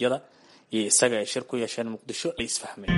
yada iyo isaga ay shir ku yeesheen Muqdisho la isfahmay.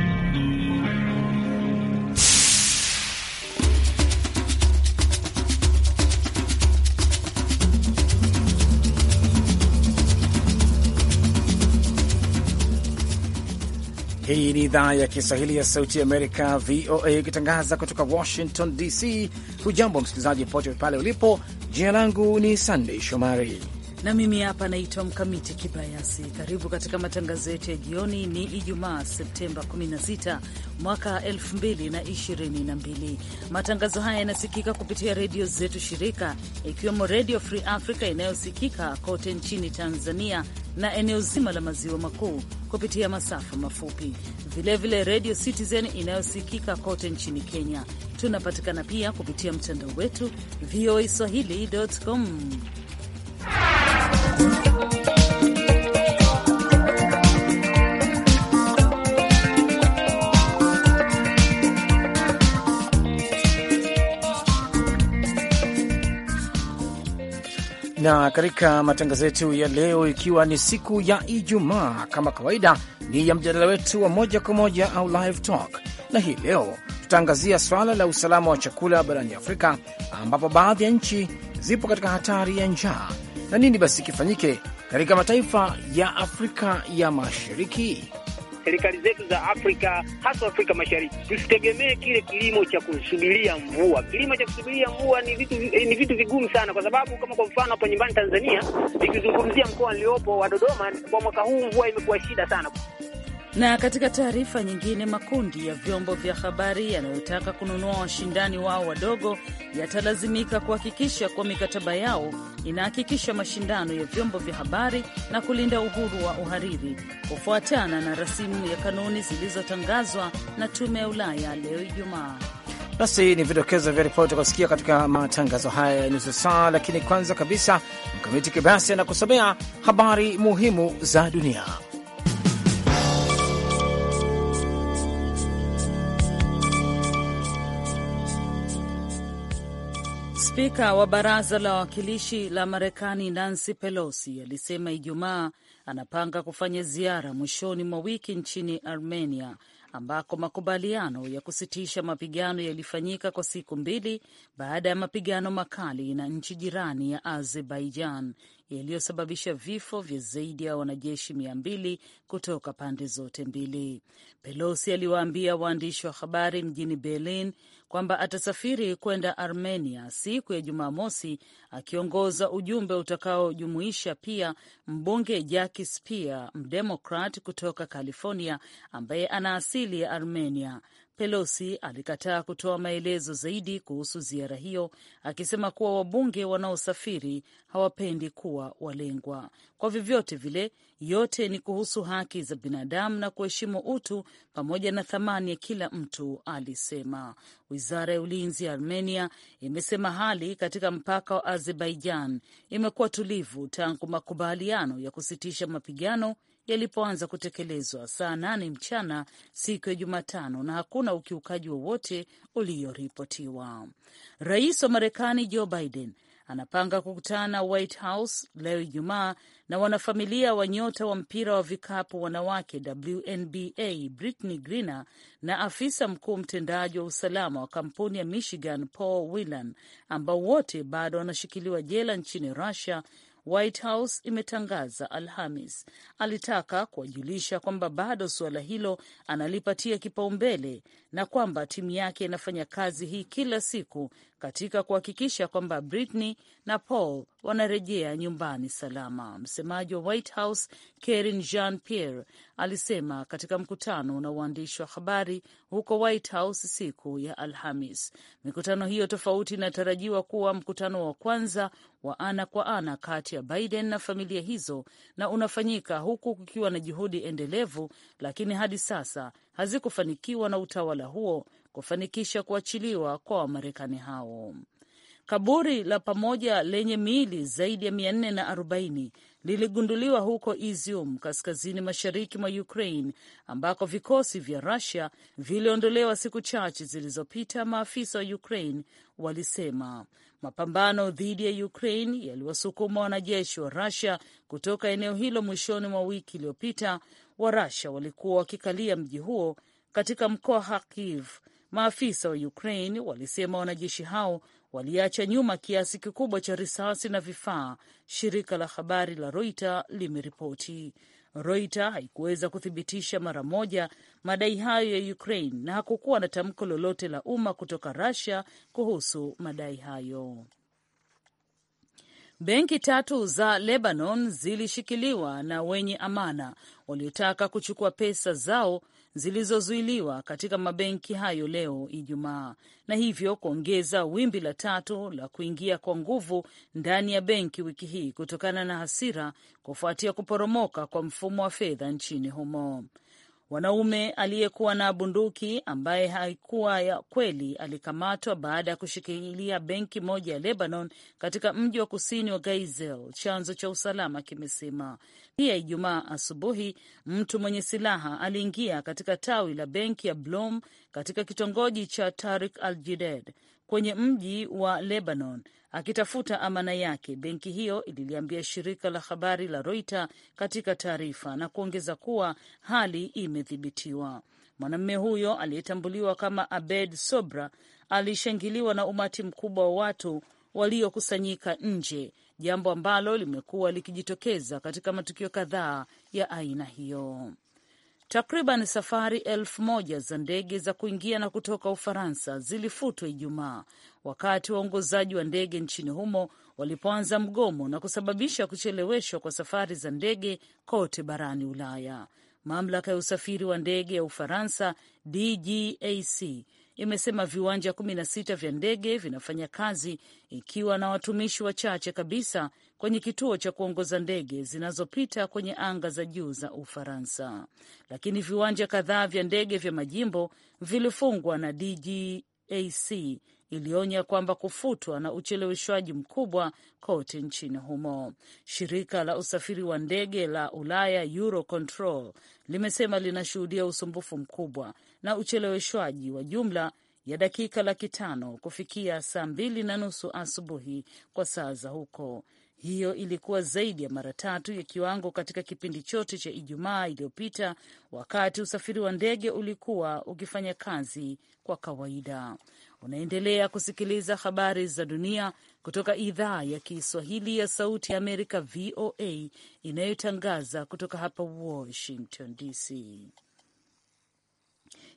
Hii ni idhaa ya Kiswahili ya Sauti ya Amerika, VOA, ikitangaza kutoka Washington DC. Hujambo msikilizaji popote pale ulipo. Jina langu ni Sandey Shomari na mimi hapa naitwa Mkamiti Kibayasi. Karibu katika matangazo yetu ya jioni. Ni Ijumaa, Septemba 16 mwaka 2022. Matangazo haya yanasikika kupitia redio zetu shirika, ikiwemo Redio Free Africa inayosikika kote nchini Tanzania na eneo zima la maziwa makuu kupitia masafa mafupi, vilevile Redio Citizen inayosikika kote nchini Kenya. Tunapatikana pia kupitia mtandao wetu swahili.com na katika matangazo yetu ya leo, ikiwa ni siku ya Ijumaa, kama kawaida, ni ya mjadala wetu wa moja kwa moja au live talk, na hii leo tutaangazia swala la usalama wa chakula barani Afrika, ambapo baadhi ya nchi zipo katika hatari ya njaa na nini basi kifanyike katika mataifa ya Afrika ya Mashariki? Serikali zetu za Afrika hasa Afrika Mashariki, tusitegemee kile kilimo cha kusubiria mvua. Kilimo cha kusubiria mvua ni vitu eh, ni vitu vigumu sana, kwa sababu kama kwa mfano hapa nyumbani Tanzania, nikizungumzia mkoa niliopo wa Dodoma, kwa mwaka huu mvua imekuwa shida sana. Na katika taarifa nyingine, makundi ya vyombo vya habari yanayotaka kununua washindani wao wadogo yatalazimika kuhakikisha kuwa mikataba yao inahakikisha mashindano ya vyombo vya habari na kulinda uhuru wa uhariri kufuatana na rasimu ya kanuni zilizotangazwa na Tume ya Ulaya leo Ijumaa. Basi ni vidokezo vya ripoti kusikia katika matangazo haya ya nusu saa, lakini kwanza kabisa Mkamiti Kibasi anakusomea habari muhimu za dunia. Spika wa baraza la wawakilishi la Marekani Nancy Pelosi alisema Ijumaa anapanga kufanya ziara mwishoni mwa wiki nchini Armenia ambako makubaliano ya kusitisha mapigano yalifanyika kwa siku mbili baada ya mapigano makali na nchi jirani ya Azerbaijan yaliyosababisha vifo vya zaidi ya wanajeshi mia mbili kutoka pande zote mbili. Pelosi aliwaambia waandishi wa habari mjini Berlin kwamba atasafiri kwenda Armenia siku ya Jumamosi akiongoza ujumbe utakaojumuisha pia mbunge Jaki Spia, mdemokrat kutoka California ambaye ana asili ya Armenia. Pelosi alikataa kutoa maelezo zaidi kuhusu ziara hiyo, akisema kuwa wabunge wanaosafiri hawapendi kuwa walengwa. Kwa vyovyote vile, yote ni kuhusu haki za binadamu na kuheshimu utu pamoja na thamani ya kila mtu, alisema. Wizara ya ulinzi ya Armenia imesema hali katika mpaka wa Azerbaijan imekuwa tulivu tangu makubaliano ya kusitisha mapigano yalipoanza kutekelezwa saa nane mchana siku ya Jumatano, na hakuna ukiukaji wowote ulioripotiwa. Rais wa Marekani Joe Biden anapanga kukutana White House leo Ijumaa na wanafamilia wa nyota wa mpira wa vikapu wanawake WNBA Brittney Griner na afisa mkuu mtendaji wa usalama wa kampuni ya Michigan Paul Whelan, ambao wote bado wanashikiliwa jela nchini Russia White House imetangaza Alhamis alitaka kuwajulisha kwamba bado suala hilo analipatia kipaumbele na kwamba timu yake inafanya kazi hii kila siku katika kuhakikisha kwamba Britney na Paul wanarejea nyumbani salama. Msemaji wa White House karin Jean Pierre alisema katika mkutano na waandishi wa habari huko White House siku ya Alhamis. Mikutano hiyo tofauti inatarajiwa kuwa mkutano wa kwanza wa ana kwa ana kati ya Biden na familia hizo, na unafanyika huku kukiwa na juhudi endelevu, lakini hadi sasa hazikufanikiwa na utawala huo kufanikisha kuachiliwa kwa Wamarekani hao. Kaburi la pamoja lenye miili zaidi ya 440 liligunduliwa huko Izium, kaskazini mashariki mwa Ukraine, ambako vikosi vya Rusia viliondolewa siku chache zilizopita. Maafisa wa Ukraine walisema mapambano dhidi ya Ukraine yaliwasukuma wanajeshi wa Rusia kutoka eneo hilo mwishoni mwa wiki iliyopita. Warusia walikuwa wakikalia mji huo katika mkoa Kharkiv Maafisa wa Ukraine walisema wanajeshi hao waliacha nyuma kiasi kikubwa cha risasi na vifaa, shirika la habari la Reuters limeripoti. Reuters haikuweza kuthibitisha mara moja madai hayo ya Ukraine na hakukuwa na tamko lolote la umma kutoka Russia kuhusu madai hayo. Benki tatu za Lebanon zilishikiliwa na wenye amana waliotaka kuchukua pesa zao zilizozuiliwa katika mabenki hayo leo Ijumaa, na hivyo kuongeza wimbi la tatu la kuingia kwa nguvu ndani ya benki wiki hii kutokana na hasira kufuatia kuporomoka kwa mfumo wa fedha nchini humo. Wanaume aliyekuwa na bunduki ambaye haikuwa ya kweli alikamatwa baada ya kushikilia benki moja ya Lebanon katika mji wa kusini wa Gaizel, chanzo cha usalama kimesema. Pia Ijumaa asubuhi mtu mwenye silaha aliingia katika tawi la benki ya Blom katika kitongoji cha Tarik Al Jided kwenye mji wa Lebanon akitafuta amana yake, benki hiyo ililiambia shirika la habari la Reuters katika taarifa, na kuongeza kuwa hali imedhibitiwa. Mwanamume huyo aliyetambuliwa kama Abed Sobra alishangiliwa na umati mkubwa wa watu waliokusanyika nje, jambo ambalo limekuwa likijitokeza katika matukio kadhaa ya aina hiyo. Takriban safari elfu moja za ndege za kuingia na kutoka Ufaransa zilifutwa Ijumaa wakati waongozaji wa ndege nchini humo walipoanza mgomo na kusababisha kucheleweshwa kwa safari za ndege kote barani Ulaya. Mamlaka ya usafiri wa ndege ya Ufaransa, DGAC, imesema viwanja 16 vya ndege vinafanya kazi ikiwa na watumishi wachache kabisa kwenye kituo cha kuongoza ndege zinazopita kwenye anga za juu za Ufaransa, lakini viwanja kadhaa vya ndege vya majimbo vilifungwa na DGAC ilionya kwamba kufutwa na ucheleweshwaji mkubwa kote nchini humo. Shirika la usafiri wa ndege la Ulaya Eurocontrol limesema linashuhudia usumbufu mkubwa na ucheleweshwaji wa jumla ya dakika laki tano kufikia saa mbili na nusu asubuhi kwa saa za huko. Hiyo ilikuwa zaidi ya mara tatu ya kiwango katika kipindi chote cha Ijumaa iliyopita wakati usafiri wa ndege ulikuwa ukifanya kazi kwa kawaida. Unaendelea kusikiliza habari za dunia kutoka idhaa ya Kiswahili ya Sauti ya Amerika, VOA, inayotangaza kutoka hapa Washington DC.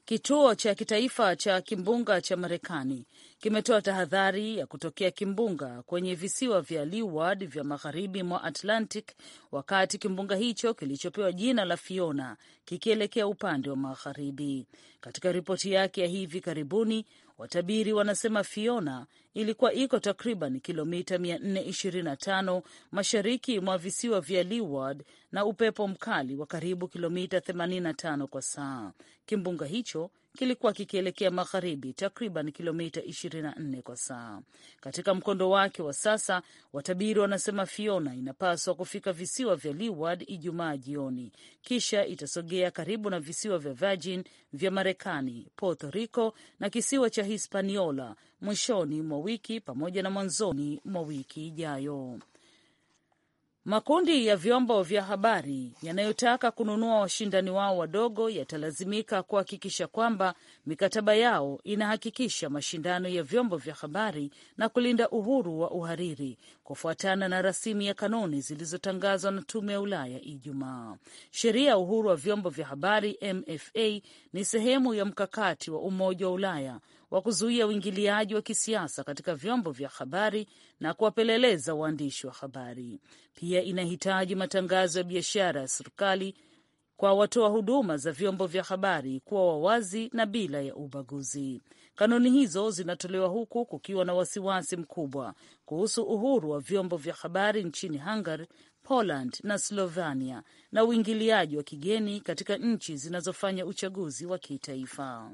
Kituo cha kitaifa cha kimbunga cha Marekani kimetoa tahadhari ya kutokea kimbunga kwenye visiwa vya Leeward vya magharibi mwa Atlantic, wakati kimbunga hicho kilichopewa jina la Fiona kikielekea upande wa magharibi. Katika ripoti yake ya hivi karibuni, Watabiri wanasema Fiona ilikuwa iko takriban kilomita 425 mashariki mwa visiwa vya Leeward na upepo mkali wa karibu kilomita 85 kwa saa. Kimbunga hicho kilikuwa kikielekea magharibi takriban kilomita 24 kwa saa. Katika mkondo wake wa sasa, watabiri wanasema Fiona inapaswa kufika visiwa vya Leeward Ijumaa jioni, kisha itasogea karibu na visiwa vya Virgin vya Marekani, Puerto Rico na kisiwa cha Hispaniola mwishoni mwa wiki pamoja na mwanzoni mwa wiki ijayo. Makundi ya vyombo vya habari yanayotaka kununua washindani wao wadogo yatalazimika kuhakikisha kwamba mikataba yao inahakikisha mashindano ya vyombo vya habari na kulinda uhuru wa uhariri kufuatana na rasimu ya kanuni zilizotangazwa na Tume ya Ulaya Ijumaa. Sheria ya uhuru wa vyombo vya habari MFA ni sehemu ya mkakati wa Umoja wa Ulaya wa kuzuia uingiliaji wa kisiasa katika vyombo vya habari na kuwapeleleza waandishi wa habari. Pia inahitaji matangazo ya biashara ya serikali kwa watoa huduma za vyombo vya habari kuwa wawazi na bila ya ubaguzi. Kanuni hizo zinatolewa huku kukiwa na wasiwasi mkubwa kuhusu uhuru wa vyombo vya habari nchini Hungary, Poland na Slovenia na uingiliaji wa kigeni katika nchi zinazofanya uchaguzi wa kitaifa.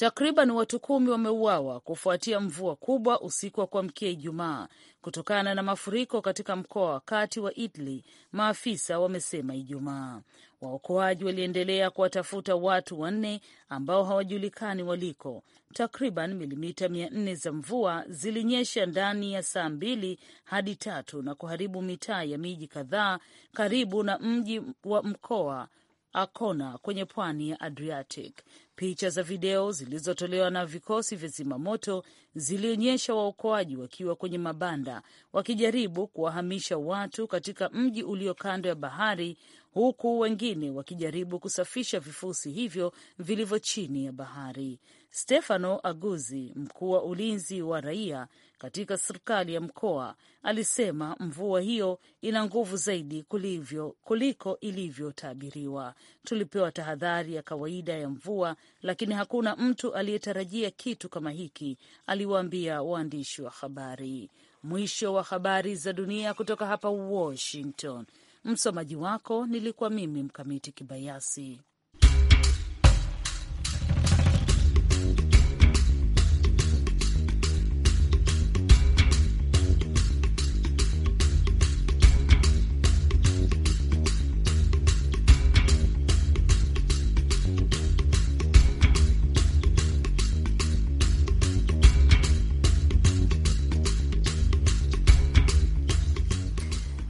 Takriban watu kumi wameuawa kufuatia mvua kubwa usiku wa kuamkia Ijumaa kutokana na mafuriko katika mkoa wa kati wa Italy, maafisa wamesema Ijumaa. Waokoaji waliendelea kuwatafuta watu wanne ambao hawajulikani waliko. Takriban milimita mia nne za mvua zilinyesha ndani ya saa mbili hadi tatu na kuharibu mitaa ya miji kadhaa karibu na mji wa mkoa Akona kwenye pwani ya Adriatic. Picha za video zilizotolewa na vikosi vya zimamoto zilionyesha waokoaji wakiwa kwenye mabanda wakijaribu kuwahamisha watu katika mji ulio kando ya bahari, huku wengine wakijaribu kusafisha vifusi hivyo vilivyo chini ya bahari. Stefano Aguzi, mkuu wa ulinzi wa raia katika serikali ya mkoa alisema mvua hiyo ina nguvu zaidi kulivyo, kuliko ilivyotabiriwa. Tulipewa tahadhari ya kawaida ya mvua, lakini hakuna mtu aliyetarajia kitu kama hiki, aliwaambia waandishi wa habari. Mwisho wa habari za dunia kutoka hapa Washington. Msomaji wako nilikuwa mimi Mkamiti Kibayasi.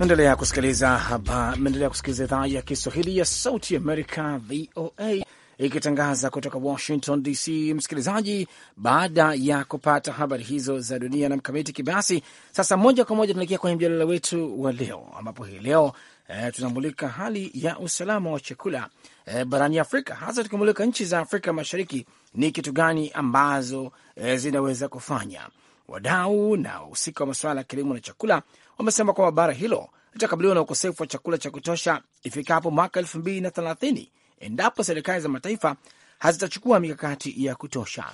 Naendelea kusikiliza hapa, naendelea kusikiliza idhaa ya Kiswahili ya Sauti Amerika, VOA, ikitangaza kutoka Washington DC. Msikilizaji, baada ya kupata habari hizo za dunia na Mkamiti Kibasi, sasa moja kwa moja tunaelekea kwenye mjadala wetu wa leo, ambapo hii leo e, tunamulika hali ya usalama wa chakula e, barani Afrika, hasa tukimulika nchi za Afrika Mashariki. Ni kitu gani ambazo e, zinaweza kufanya wadau na wahusika wa masuala ya kilimo na chakula wamesema kwamba bara hilo litakabiliwa na ukosefu wa chakula cha kutosha ifikapo mwaka elfu mbili na thelathini endapo serikali za mataifa hazitachukua mikakati ya kutosha.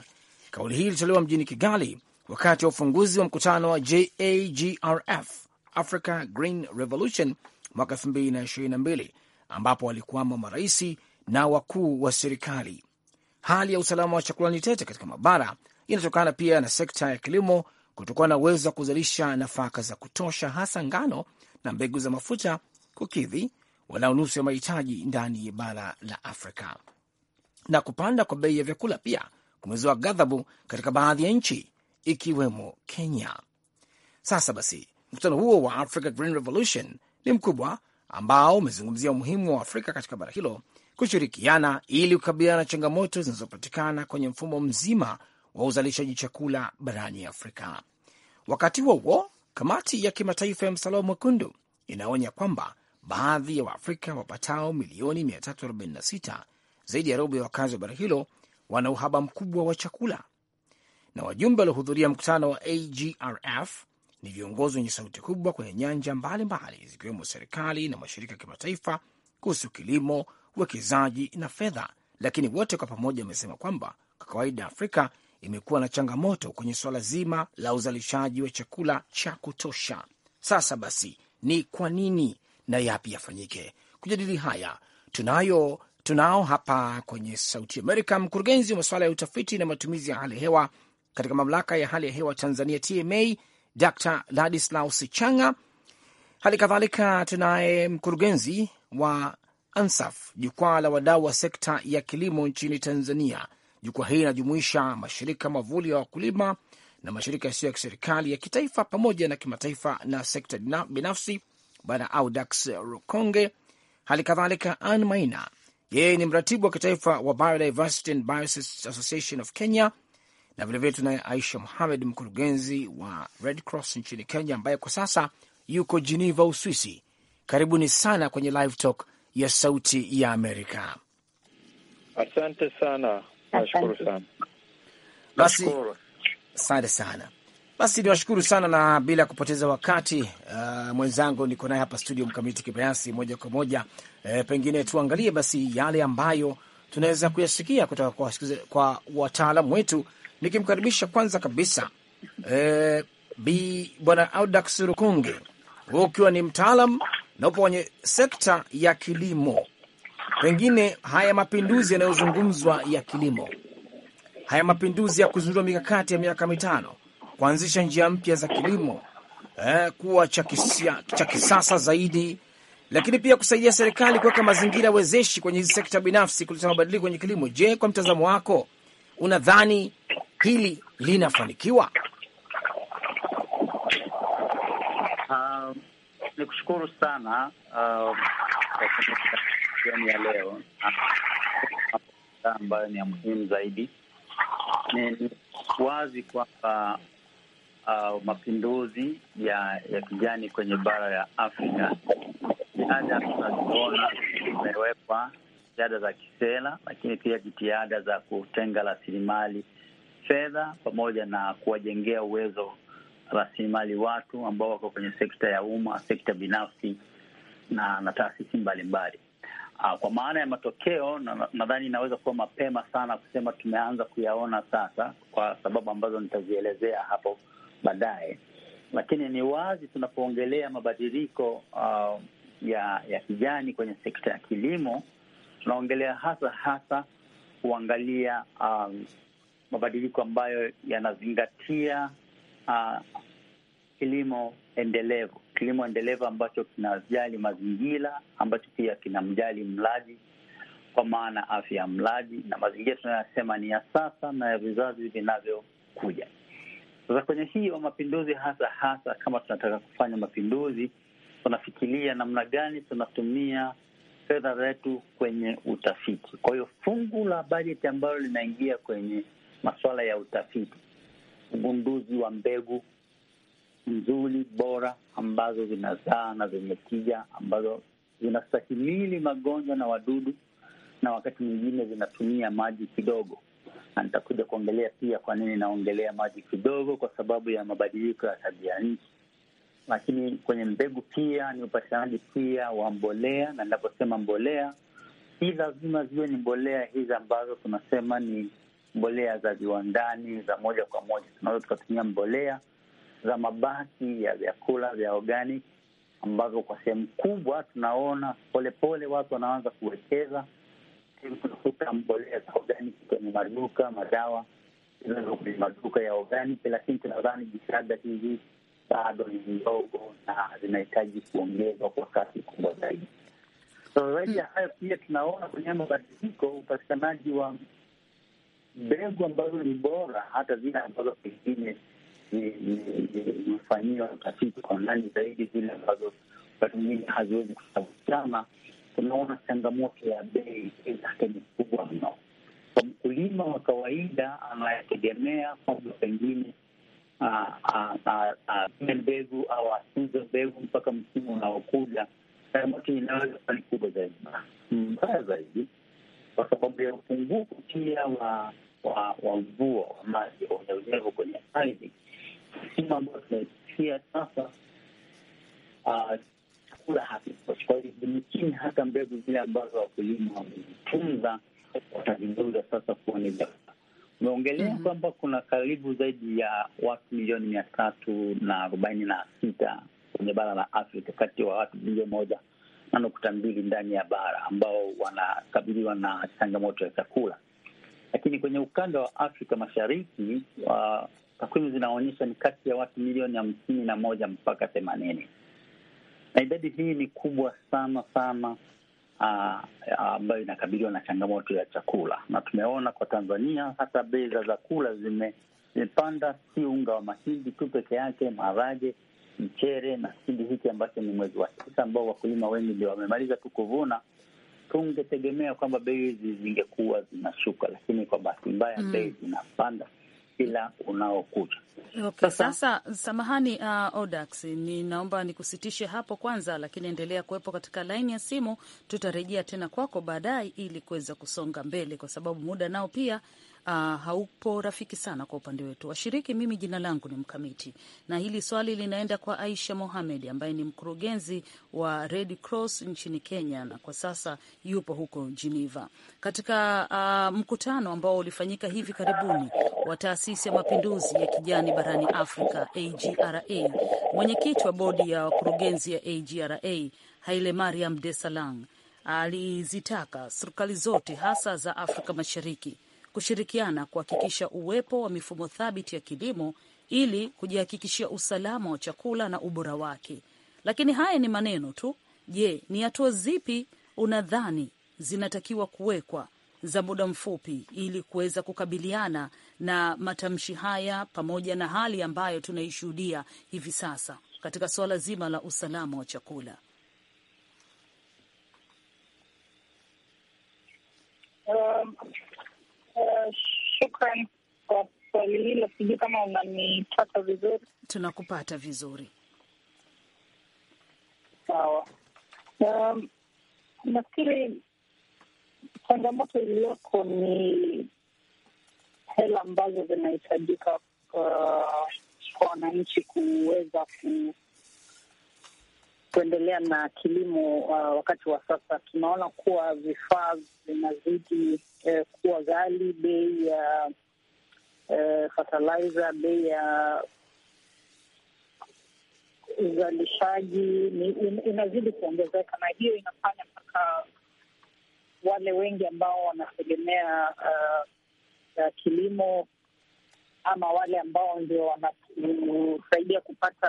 Kauli hii ilitolewa mjini Kigali wakati wa ufunguzi wa mkutano wa JAGRF, Africa Green Revolution, mwaka mbili ambapo walikuwamo maraisi na wakuu wa serikali. Hali ya usalama wa chakula ni tete katika mabara inatokana pia na sekta ya kilimo kutokuwa na uwezo wa kuzalisha nafaka za kutosha, hasa ngano na mbegu za mafuta kukidhi wanaonusu ya mahitaji ndani ya bara la Afrika. Na kupanda kwa bei ya vyakula pia kumezua ghadhabu katika baadhi ya nchi ikiwemo Kenya. Sasa basi, mkutano huo wa Africa Green Revolution ni mkubwa ambao umezungumzia umuhimu wa Afrika katika bara hilo kushirikiana ili kukabiliana na changamoto zinazopatikana kwenye mfumo mzima wa uzalishaji chakula barani Afrika. Wakati huo huo, kamati ya kimataifa ya Msalaba Mwekundu inaonya kwamba baadhi ya Waafrika wapatao milioni 346, zaidi ya robo ya wakazi wa bara hilo, wana uhaba mkubwa wa chakula. Na wajumbe waliohudhuria mkutano wa AGRF ni viongozi wenye sauti kubwa kwenye nyanja mbalimbali zikiwemo serikali na mashirika ya kimataifa kuhusu kilimo, uwekezaji na fedha, lakini wote kwa pamoja wamesema kwamba kwa kawaida Afrika imekuwa na changamoto kwenye suala zima la uzalishaji wa chakula cha kutosha. Sasa basi, ni kwa nini na yapi yafanyike? Kujadili haya tunayo tunao hapa kwenye Sauti Amerika mkurugenzi wa masuala ya utafiti na matumizi ya hali ya hewa katika mamlaka ya hali ya hewa Tanzania TMA, Dr Ladislaus Changa. Hali kadhalika tunaye mkurugenzi wa ANSAF, jukwaa la wadau wa sekta ya kilimo nchini Tanzania, Jukwaa hili linajumuisha mashirika mavuli ya wakulima na mashirika yasiyo ya kiserikali ya kitaifa pamoja na kimataifa na sekta binafsi. Bwana Audax Rukonge, hali kadhalika Ann Maina, yeye ni mratibu wa kitaifa wa Biodiversity and Biosis Association of Kenya, na vilevile tunaye Aisha muhamed mkurugenzi wa Red Cross nchini Kenya, ambaye kwa sasa yuko Geneva, Uswisi. Karibuni sana kwenye Live Talk ya Sauti ya Amerika. Asante sana. Nashukuru sana. Basi asante sana. Basi niwashukuru sana na bila kupoteza wakati uh, mwenzangu niko naye hapa studio mkamiti kibayasi moja kwa moja. E, pengine tuangalie basi yale ambayo tunaweza kuyasikia kutoka kwa, kwa wataalamu wetu, nikimkaribisha kwanza kabisa e, bi bwana Audax Rukunge, ukiwa ni mtaalam na upo kwenye sekta ya kilimo pengine haya mapinduzi yanayozungumzwa ya kilimo, haya mapinduzi ya kuzindua mikakati ya miaka mitano, kuanzisha njia mpya za kilimo eh, kuwa cha kisasa zaidi, lakini pia kusaidia serikali kuweka mazingira wezeshi kwenye hizi sekta binafsi kuleta mabadiliko kwenye kilimo. Je, kwa mtazamo wako unadhani hili linafanikiwa? Um, ah, ni kushukuru sana uh, jioni ya leo ah, ambayo ni ya muhimu zaidi. Ni wazi kwamba uh, mapinduzi ya ya kijani kwenye bara ya Afrika jitihada tunaziona zimewekwa, jitihada za kisera, lakini pia jitihada za kutenga rasilimali fedha pamoja na kuwajengea uwezo rasilimali watu ambao wako kwenye sekta ya umma, sekta binafsi na na taasisi mbalimbali. Aa, ah, kwa maana ya matokeo nadhani na inaweza kuwa mapema sana kusema tumeanza kuyaona sasa, kwa sababu ambazo nitazielezea hapo baadaye, lakini ni wazi tunapoongelea mabadiliko uh, ya ya kijani kwenye sekta ya kilimo tunaongelea hasa hasa kuangalia um, mabadiliko ambayo yanazingatia uh, kilimo endelevu kilimo endelevu ambacho kinajali mazingira, ambacho pia kinamjali mlaji, kwa maana afya ya mlaji na mazingira tunayosema ni ya sasa na ya vizazi vinavyokuja. Sasa kwenye hiyo mapinduzi, hasa hasa kama tunataka kufanya mapinduzi, tunafikiria namna gani tunatumia fedha zetu kwenye utafiti. Kwa hiyo fungu la bajeti ambalo linaingia kwenye masuala ya utafiti, ugunduzi wa mbegu nzuri bora ambazo zinazaa na zenye tija ambazo zinastahimili magonjwa na wadudu, na wakati mwingine zinatumia maji kidogo, na nitakuja kuongelea pia kwa nini naongelea maji kidogo, kwa sababu ya mabadiliko ya tabia nchi. Lakini kwenye mbegu pia ni upatikanaji pia wa mbolea, na ninaposema mbolea, si lazima ziwe ni mbolea hizi ambazo tunasema ni mbolea za viwandani za moja kwa moja, tunaweza tukatumia mbolea za mabaki ya vyakula vya organic ambavyo kwa sehemu kubwa tunaona polepole watu wanaanza kuwekeza. kutafuta mbolea za organic kwenye maduka madawa hizo kwenye maduka ya organic, lakini tunadhani jitihada hizi bado ni ndogo na zinahitaji kuongezwa kwa kasi kubwa zaidi. So zaidi ya hayo, pia tunaona kwenye mabadiliko upatikanaji wa mbegu ambazo ni bora, hata zile ambazo pengine ifanyiwa utafiti kwa ndani zaidi, zile ambazo watu mwingine haziwezi kusautama, Tunaona changamoto ya bei zake ni kubwa mno kwa mkulima wa kawaida anayetegemea kwamba pengine atume mbegu au atuze mbegu mpaka msimu unaokuja, changamoto inaweza kuwa ni kubwa zaidi, mbaya zaidi, kwa sababu ya upungufu pia wa mvua wa maji, unyevunyevu kwenye ardhi simu ambayo tunaipitia sasa, chakula ah, hakitoshi. Kwa hiyo vimikini, hata mbegu zile ambazo wakulima wamezitunza watazigeuza sasa kuwa ni vyakula. Umeongelea mm kwamba kuna karibu zaidi ya watu milioni mia tatu na arobaini na sita kwenye bara la Afrika kati wa watu bilioni moja na nukta mbili ndani ya bara ambao wanakabiliwa na changamoto ya chakula, lakini kwenye ukanda wa Afrika Mashariki wa ah, takwimu zinaonyesha ni kati ya watu milioni hamsini na moja mpaka themanini na idadi hii ni kubwa sana sana ah, ah, ambayo inakabiliwa na changamoto ya chakula, na tumeona kwa Tanzania hata bei za chakula zimepanda, si unga wa mahindi tu peke yake, maharage, mchere. Na kipindi hiki ambacho ni mwezi wa tisa, ambao wakulima wengi ndio wamemaliza tu kuvuna, tungetegemea kwamba bei hizi zingekuwa zinashuka, lakini kwa bahati mbaya mm. bei zinapanda kila unaokuja. Okay. Sasa, sasa samahani uh, Odax, ninaomba nikusitishe hapo kwanza, lakini endelea kuwepo katika laini ya simu, tutarejea tena kwako baadaye ili kuweza kusonga mbele, kwa sababu muda nao pia uh, haupo rafiki sana kwa upande wetu washiriki. Mimi jina langu ni Mkamiti, na hili swali linaenda kwa Aisha Mohamed ambaye ni mkurugenzi wa Red Cross nchini Kenya na kwa sasa yupo huko Geneva katika uh, mkutano ambao ulifanyika hivi karibuni wa taasisi ya mapinduzi ya kijani barani Afrika AGRA. Mwenyekiti wa bodi ya wakurugenzi ya AGRA Haile Mariam Desalegn alizitaka serikali zote hasa za Afrika Mashariki kushirikiana kuhakikisha uwepo wa mifumo thabiti ya kilimo ili kujihakikishia usalama wa chakula na ubora wake. Lakini haya ni maneno tu. Je, ni hatua zipi unadhani zinatakiwa kuwekwa za muda mfupi ili kuweza kukabiliana na matamshi haya pamoja na hali ambayo tunaishuhudia hivi sasa katika suala zima la usalama wa chakula? Um, shukran kwa swali hilo, sijui kama unanipata vizuri. Tunakupata vizuri, sawa. Um, nafikiri changamoto iliyoko ni hela ambazo zinahitajika uh, kwa wananchi kuweza ku kuendelea na kilimo uh, wakati wa sasa tunaona kuwa vifaa vinazidi eh, kuwa ghali. Bei ya eh, fertilizer, bei ya uzalishaji inazidi kuongezeka, na hiyo inafanya mpaka wale wengi ambao wanategemea uh, kilimo ama wale ambao ndio wanasaidia kupata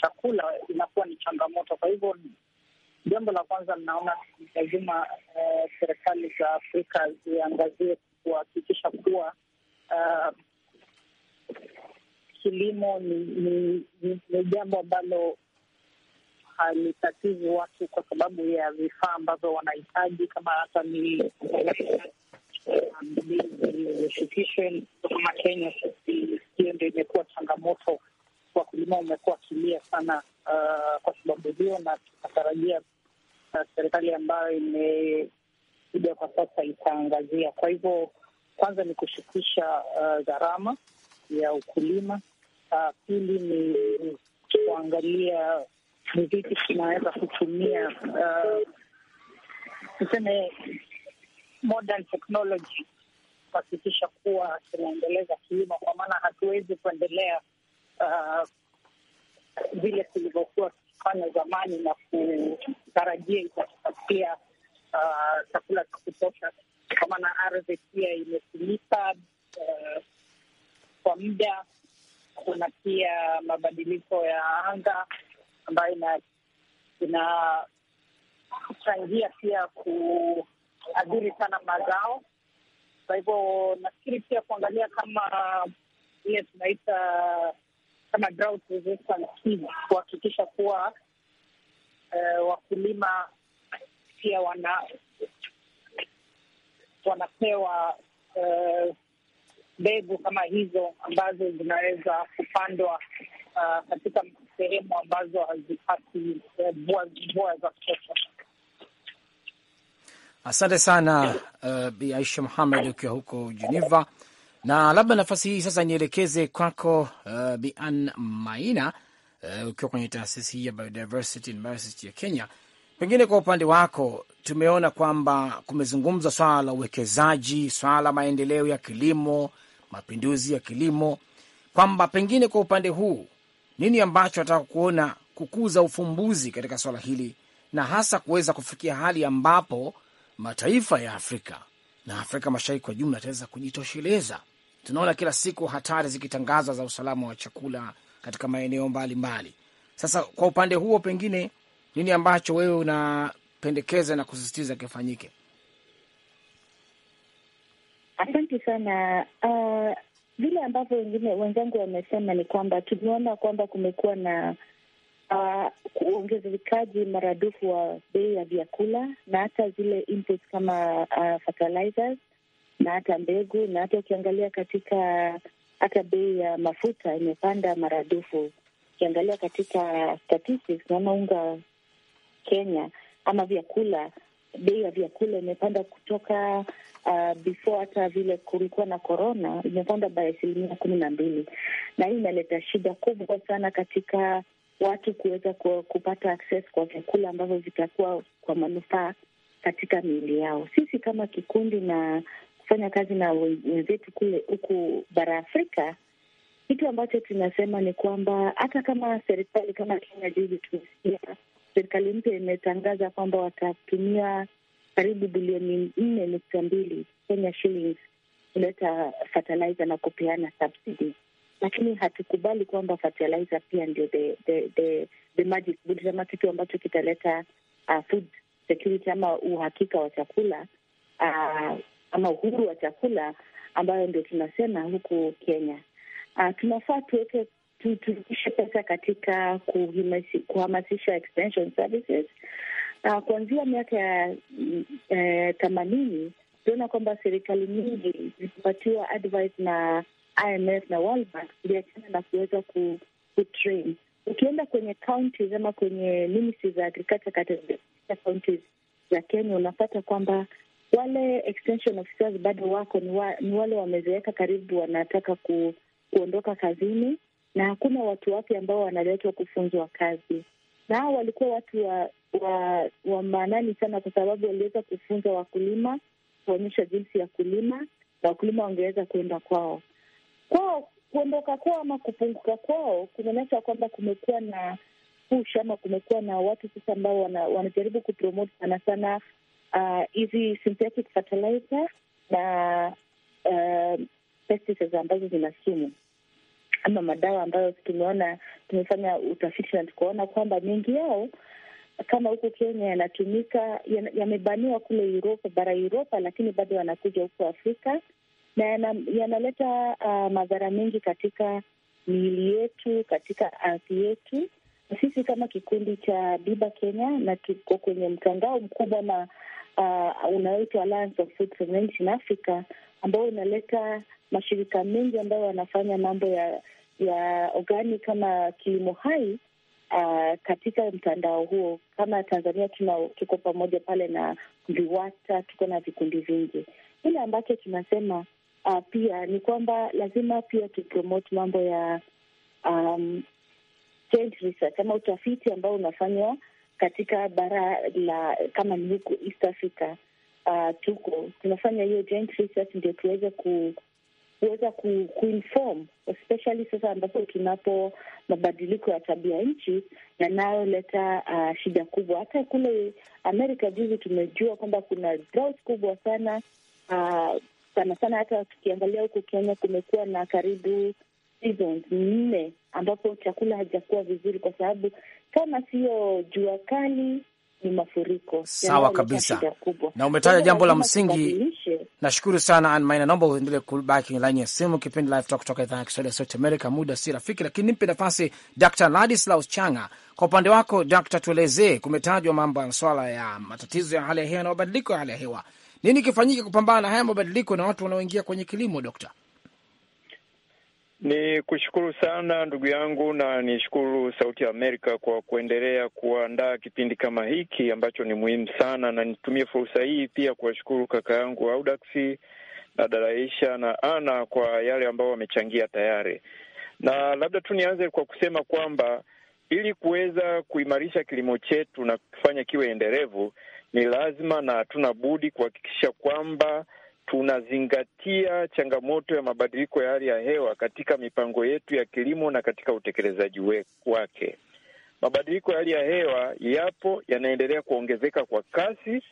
chakula inakuwa ni changamoto. Kwa hivyo jambo la kwanza linaona lazima eh, serikali za Afrika ziangazie kuhakikisha kuwa uh, kilimo ni, ni, ni, ni jambo ambalo halitatizi watu kwa sababu ya vifaa ambavyo wanahitaji kama hata ni iliyoshukishwa kama Kenya hiyo ndio imekuwa changamoto. Wakulima wamekuwa wakilia sana uh, kwa sababu hiyo, na tunatarajia uh, serikali ambayo imekuja kwa sasa itaangazia. Kwa hivyo kwanza ni kushukisha uh, gharama uh, ya ukulima uh, pili ni kuangalia vipi tunaweza kutumia uh, tuseme modern technology kuhakikisha kuwa tunaendeleza kilimo, kwa maana hatuwezi kuendelea uh, vile tulivyokuwa tukifanya zamani na kutarajia itatupatia uh, chakula cha kutosha, kwa maana ardhi pia imetumika uh, kwa muda. Kuna pia mabadiliko ya anga ambayo inachangia pia ku adhiri sana mazao. Kwa hivyo nafikiri pia kuangalia kama ile tunaita kama drought resistance kuhakikisha kuwa uh, wakulima pia wana wanapewa uh, mbegu kama hizo ambazo zinaweza kupandwa uh, katika sehemu ambazo hazipati eh, mvua uh, za kutosha. Asante sana uh, Bi Aisha Muhamed ukiwa huko Geneva, na labda nafasi hii sasa nielekeze kwako uh, Bi Ann Maina uh, ukiwa kwenye taasisi hii ya Biodiversity University ya Kenya. Pengine kwa upande wako, tumeona kwamba kumezungumzwa swala la uwekezaji, swala la maendeleo ya kilimo, mapinduzi ya kilimo, kwamba pengine kwa upande huu nini ambacho nataka kuona kukuza ufumbuzi katika swala hili na hasa kuweza kufikia hali ambapo mataifa ya Afrika na Afrika Mashariki kwa jumla ataweza kujitosheleza. Tunaona kila siku hatari zikitangazwa za usalama wa chakula katika maeneo mbalimbali. Sasa kwa upande huo, pengine nini ambacho wewe unapendekeza na kusisitiza kifanyike? Asante sana. Uh, vile uh, ambavyo wengine wenzangu wamesema ni kwamba tumeona kwamba kumekuwa na Ah, uongezekaji uh, maradufu wa bei ya vyakula na hata zile inputs kama uh, fertilizers na hata mbegu na hata ukiangalia katika hata bei ya mafuta imepanda maradufu. Ukiangalia katika statistics, naona unga Kenya ama vyakula, bei ya vyakula imepanda kutoka uh, before hata vile kulikuwa na korona, imepanda by asilimia kumi na mbili, na hii inaleta shida kubwa sana katika watu kuweza kupata access kwa vyakula ambavyo vitakuwa kwa manufaa katika miili yao. Sisi kama kikundi na kufanya kazi na wenzetu kule huku bara Afrika, kitu ambacho tunasema ni kwamba hata kama serikali kama Kenya, juzi tumesikia serikali mpya imetangaza kwamba watatumia karibu bilioni nne nukta mbili Kenya shillings kuleta fertilizer na kupeana subsidies lakini hatukubali kwamba fertilizer pia ndio the, the, the, the magic bullet ama kitu ambacho kitaleta uh, food security ama uhakika wa chakula uh, ama uhuru wa chakula ambayo ndio tunasema huku Kenya. Uh, tunafaa tuweke turudishe pesa katika kuhamasisha extension services uh, kuanzia miaka ya eh, themanini. Tunaona kwamba serikali nyingi zimepatiwa advice na IMF na World Bank kuliachana na kuweza ku, ku train. Ukienda kwenye counties ama kwenye ministry za agriculture katika counties za Kenya unapata kwamba wale extension officers bado wako ni, wa, ni wale wamezeeka karibu, wanataka ku, kuondoka kazini na hakuna watu wapya ambao wanaletwa kufunzwa kazi, na hao walikuwa watu wa, wa, wa maanani sana, kwa sababu waliweza kufunza wakulima, kuonyesha jinsi ya kulima na wakulima wangeweza kuenda kwao kwao kuondoka kwao ama kupunguka kwao kunaonyesha kwamba kumekuwa na push ama kumekuwa na watu sasa ambao wanajaribu kupromote sana sana uh, hizi uh, synthetic fertilizer na uh, pesticides ambazo zina sumu ama madawa ambayo tumeona, tumefanya utafiti na tukaona kwamba mengi yao kama huku Kenya yanatumika yamebaniwa kule Uropa, bara Uropa, lakini bado wanakuja huku Afrika na yanaleta ya uh, madhara mengi katika miili yetu, katika ardhi yetu. Sisi kama kikundi cha Biba Kenya na tuko kwenye mtandao mkubwa na uh, unaoitwa Alliance of Food Africa ambao unaleta mashirika mengi ambayo wanafanya mambo ya ya ogani kama kilimo hai uh, katika mtandao huo. Kama Tanzania tuna, tuko pamoja pale na VIWATA, tuko na vikundi vingi. Kile ambacho tunasema uh, pia ni kwamba lazima pia tupromote mambo ya um, research ama utafiti ambao unafanywa katika bara la kama ni huku East Africa. Uh, tuko tunafanya hiyo joint research ndio tuweze ku kuweza ku, kuinform especially sasa ambapo tunapo mabadiliko ya tabia nchi yanayoleta uh, ah, shida kubwa. Hata kule Amerika juzi tumejua kwamba kuna drought kubwa sana uh, sana sana. Hata tukiangalia huku Kenya kumekuwa na karibu seasons nne ambapo chakula hajakuwa vizuri, kwa sababu kama siyo jua kali ni mafuriko. Sawa yaani kabisa, na umetaja jambo la msingi. Nashukuru sana Ann Maina, naomba uendelee kubaki kwenye laini ya simu. Kipindi Live Talk kutoka idhaa ya Kiswahili ya Sauti Amerika, muda si rafiki, lakini nimpe nafasi Dr. Ladislaus Changa. Kwa upande wako Dr. tuelezee, kumetajwa mambo ya masuala ya matatizo ya hali ya hewa na mabadiliko ya hali ya hewa nini kifanyike kupambana na haya mabadiliko na watu wanaoingia kwenye kilimo, Dokta? Ni kushukuru sana ndugu yangu na nishukuru Sauti ya Amerika kwa kuendelea kuandaa kipindi kama hiki ambacho ni muhimu sana, na nitumie fursa hii pia kuwashukuru kaka yangu Audaksi na Daraisha na Ana kwa yale ambao wamechangia tayari, na labda tu nianze kwa kusema kwamba ili kuweza kuimarisha kilimo chetu na kufanya kiwe endelevu ni lazima na hatuna budi kuhakikisha kwamba tunazingatia changamoto ya mabadiliko ya hali ya hewa katika mipango yetu ya kilimo na katika utekelezaji wake. Mabadiliko ya hali ya hewa yapo, yanaendelea kuongezeka kwa kasi,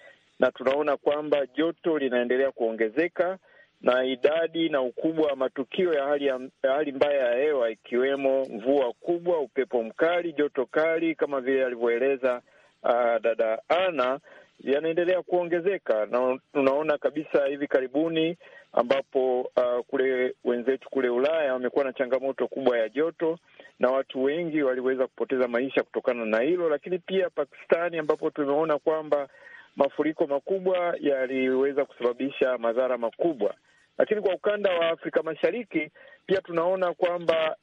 na tunaona kwamba joto linaendelea kuongezeka na idadi na ukubwa wa matukio ya hali, ya, hali mbaya ya hewa ikiwemo mvua kubwa, upepo mkali, joto kali kama vile alivyoeleza uh, dada Ana yanaendelea kuongezeka na tunaona kabisa hivi karibuni ambapo uh, kule wenzetu kule Ulaya wamekuwa na changamoto kubwa ya joto na watu wengi waliweza kupoteza maisha kutokana na hilo, lakini pia Pakistani ambapo tumeona kwamba mafuriko makubwa yaliweza kusababisha madhara makubwa. Lakini kwa ukanda wa Afrika Mashariki pia tunaona kwamba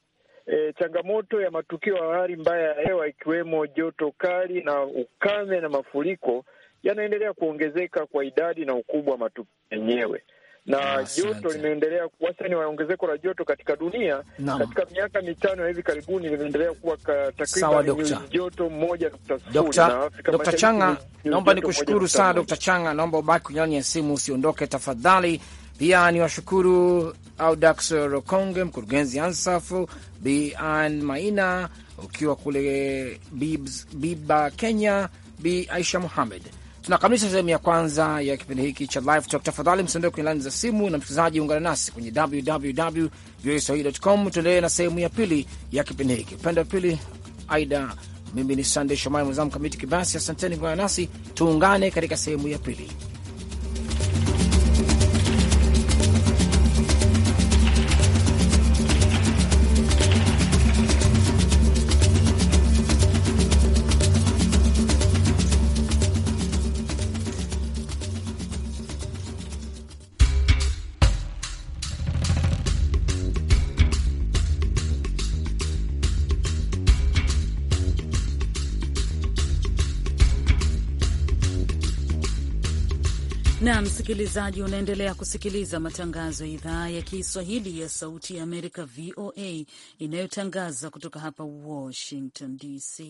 E, changamoto ya matukio ya hali mbaya ya hewa ikiwemo joto kali na ukame na mafuriko yanaendelea kuongezeka kwa idadi na ukubwa wa matukio yenyewe na yes, Joto limeendelea wastani wa ongezeko la joto katika dunia no. katika miaka mitano ya hivi karibuni limeendelea kuwa takriban joto moja nukta Changa, naomba nikushukuru sana Dokta Changa, naomba ubaki kwenye laini ya simu usiondoke tafadhali. Pia ni washukuru Audax Rokonge, mkurugenzi ansafu Bi Maina ukiwa kule Bibs, Biba Kenya, Bi Aisha Muhamed tunakamilisha sehemu ya kwanza ya kipindi hiki cha Live Talk. Tafadhali msiondoke kwenye laini za simu, na msikilizaji, ungana nasi kwenye www voaswahili.com. Tuendelee na sehemu ya pili ya kipindi hiki, upande wa pili. Aida, mimi ni Sandey Shomari, mwenzangu Kamiti Kibasi. Asanteni kuungana nasi, tuungane katika sehemu ya pili. na msikilizaji, unaendelea kusikiliza matangazo ya idhaa ya Kiswahili ya Sauti ya Amerika, VOA, inayotangaza kutoka hapa Washington DC.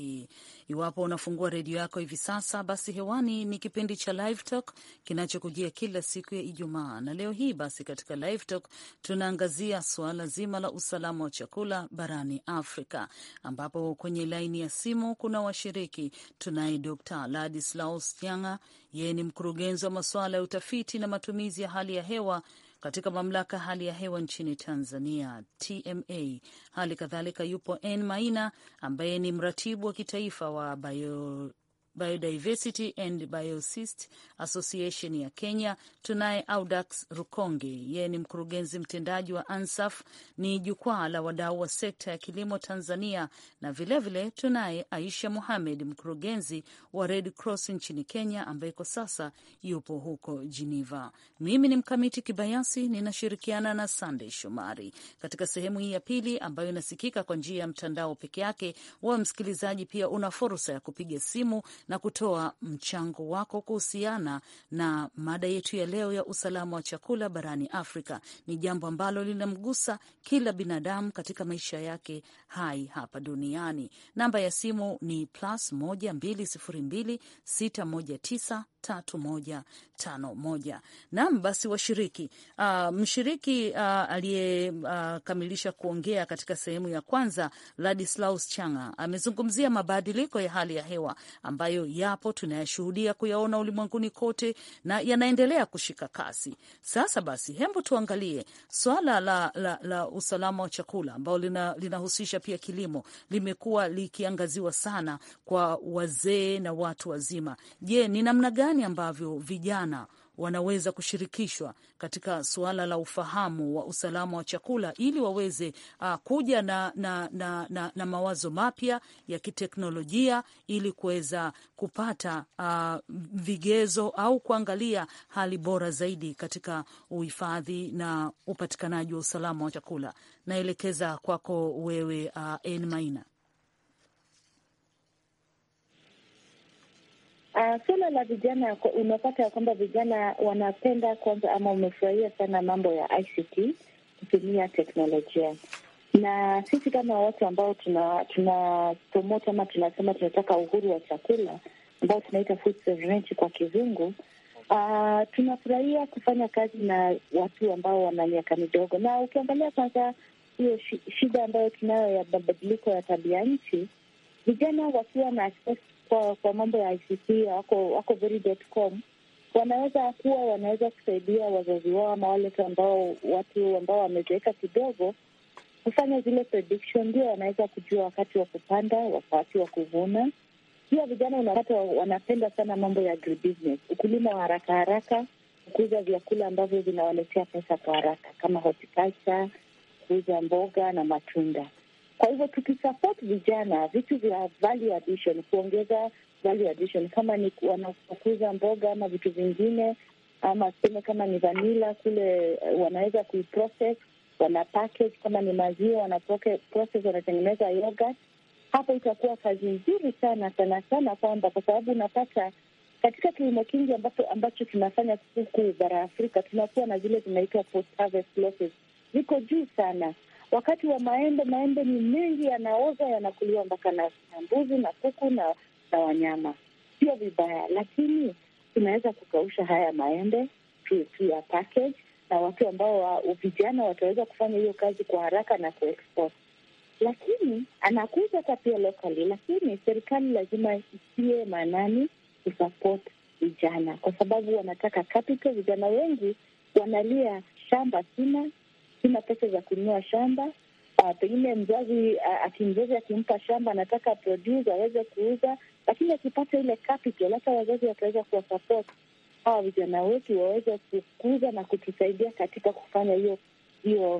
Iwapo unafungua redio yako hivi sasa, basi hewani ni kipindi cha Live Talk kinachokujia kila siku ya Ijumaa, na leo hii basi katika Live Talk tunaangazia suala zima la usalama wa chakula barani Afrika, ambapo kwenye laini ya simu kuna washiriki. Tunaye Dr Ladislaus Nyang'a, yeye ni mkurugenzi wa masuala ya utafiti na matumizi ya hali ya hewa katika mamlaka hali ya hewa nchini Tanzania, TMA. Hali kadhalika yupo N Maina ambaye ni mratibu wa kitaifa wa bio Biodiversity and biocist Association ya Kenya. Tunaye Audax Rukonge, yeye ni mkurugenzi mtendaji wa ANSAF, ni jukwaa la wadau wa sekta ya kilimo Tanzania, na vilevile tunaye Aisha Muhamed, mkurugenzi wa Red Cross nchini Kenya, ambaye kwa sasa yupo huko Geneva. Mimi ni Mkamiti Kibayasi, ninashirikiana na Sandey Shomari katika sehemu hii ya pili ambayo inasikika kwa njia ya mtandao peke yake. Wewe msikilizaji, pia una fursa ya kupiga simu na kutoa mchango wako kuhusiana na mada yetu ya leo ya usalama wa chakula barani Afrika. Ni jambo ambalo linamgusa kila binadamu katika maisha yake hai hapa duniani. Namba ya simu ni plus 1202619 3151. Naam, basi washiriki, uh, mshiriki uh, ah, aliyekamilisha ah, uh, kuongea katika sehemu ya kwanza Ladislaus Changa amezungumzia uh, mabadiliko ya hali ya hewa ambayo yapo tunayashuhudia kuyaona ulimwenguni kote na yanaendelea kushika kasi. Sasa basi, hembo tuangalie swala la, la, la usalama wa chakula ambao linahusisha lina pia kilimo, limekuwa likiangaziwa sana kwa wazee na watu wazima. Je, ni namna gani gani ambavyo vijana wanaweza kushirikishwa katika suala la ufahamu wa usalama wa chakula ili waweze uh, kuja na, na, na, na, na mawazo mapya ya kiteknolojia ili kuweza kupata uh, vigezo au kuangalia hali bora zaidi katika uhifadhi na upatikanaji wa usalama wa chakula. Naelekeza kwako wewe, uh, N Maina. Uh, ah, suala la vijana, unapata ya kwamba vijana wanapenda kwanza, ama wamefurahia sana mambo ya ICT, kutumia teknolojia, na sisi kama watu ambao tuna ama tunasema tunataka uhuru wa chakula ambao tunaita food sovereignty kwa kizungu. Uh, tunafurahia kufanya kazi na watu ambao wana miaka midogo, na ukiangalia kwanza hiyo shida ambayo tunayo ya mabadiliko ya tabia nchi, vijana wakiwa na access kwa kwa mambo ya ICT wako wako very.com, wanaweza kuwa wanaweza kusaidia wazazi wao ama wale ambao watu ambao wamezeeka kidogo kufanya zile prediction, ndio wanaweza kujua wakati wa kupanda, wakati wa kuvuna. Pia vijana unapata wanapenda sana mambo ya agribusiness, ukulima wa haraka haraka, kuuza vyakula ambavyo vinawaletea pesa kwa haraka kama horticulture, kuuza mboga na matunda. Kwa hivyo tukisupport vijana vitu vya value addition, kuongeza value addition, kama ni wanakuza mboga ama vitu vingine, ama seme kama ni vanila kule eh, wanaweza kuiprocess, wana package. Kama ni maziwa wana process, wanatengeneza yogurt. Hapo itakuwa kazi nzuri sana sana sana, kwamba kwa sababu unapata katika kilimo kingi ambacho, ambacho kinafanya huku bara Afrika, tunakuwa na zile zinaitwa post harvest losses ziko juu sana Wakati wa maembe, maembe ni mengi yanaoza, yanakuliwa mpaka na mbuzi na kuku na, na wanyama. Sio vibaya, lakini tunaweza kukausha haya maembe tu, tu ya package, na watu ambao vijana wataweza kufanya hiyo kazi kwa haraka na kuexport, lakini anakuza hata pia locally. Lakini serikali lazima isiwe maanani kusupport vijana, kwa sababu wanataka capital. Vijana wengi wanalia shamba sina sina pesa za kununua shamba. Uh, pengine mzazi uh, ah, akimzazi akimpa shamba anataka produce aweze kuuza, lakini akipata ile capital, hata wazazi wataweza kuwasupport hawa vijana wetu waweze kukuza na kutusaidia katika kufanya hiyo hiyo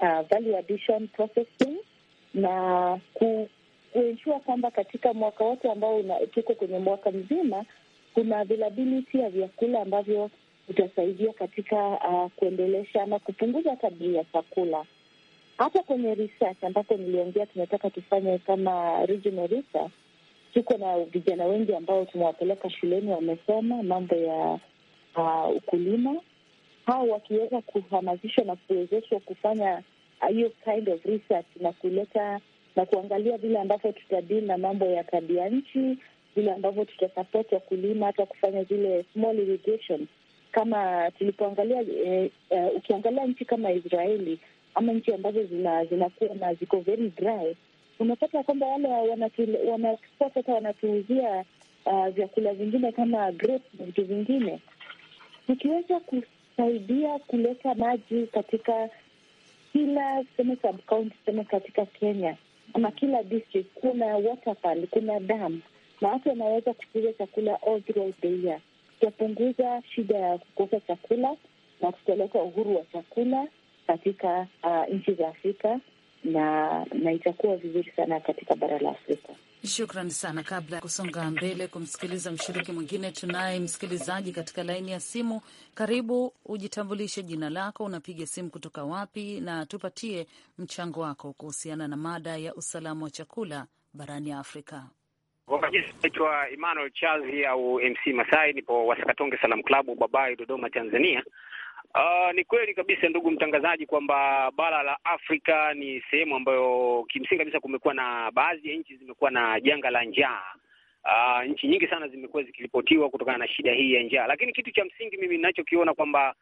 uh, value addition processing na ku, kuensure kwamba katika mwaka wote ambao tuko kwenye mwaka mzima kuna availability ya vyakula ambavyo utasaidia katika uh, kuendelesha ama kupunguza tabia ya chakula. Hata kwenye research ambapo niliongea, tunataka tufanye kama regional research. Tuko na vijana wengi ambao tumewapeleka shuleni, wamesoma mambo ya uh, ukulima. Hao wakiweza kuhamasishwa na kuwezeshwa kufanya uh, hiyo uh, kind of research na kuleta na kuangalia vile ambavyo tutadili na mambo ya tabia nchi, vile ambavyo tutasapoti wakulima hata kufanya zile small irrigation kama tulipoangalia e, e, ukiangalia nchi kama Israeli ama nchi ambazo zinakuwa zina na ziko very dry, unapata kwamba wale wanaexport hata wanatuuzia uh, vyakula vingine kama grapes na vitu vingine. Tukiweza kusaidia kuleta maji katika kila seme sub-county, katika Kenya ama kila district, kuna waterfall, kuna dam na watu wanaweza kupiga chakula all throughout the year kutapunguza shida ya kukosa chakula na kutoleka uhuru wa chakula katika uh, nchi za Afrika na na itakuwa vizuri sana katika bara la Afrika. Shukran sana. Kabla ya kusonga mbele kumsikiliza mshiriki mwingine, tunaye msikilizaji katika laini ya simu. Karibu, ujitambulishe jina lako, unapiga simu kutoka wapi, na tupatie mchango wako kuhusiana na mada ya usalama wa chakula barani Afrika. Kwa majina naitwa Emmanuel Charles au MC Masai, nipo Wasakatonge Salam Klabu Babai, Dodoma, Tanzania. Uh, ni kweli kabisa ndugu mtangazaji kwamba bara la Afrika ni sehemu ambayo kimsingi kabisa kumekuwa na baadhi ya nchi zimekuwa na janga la njaa. Uh, nchi nyingi sana zimekuwa zikiripotiwa kutokana na shida hii ya njaa, lakini kitu cha msingi mimi ninachokiona kwamba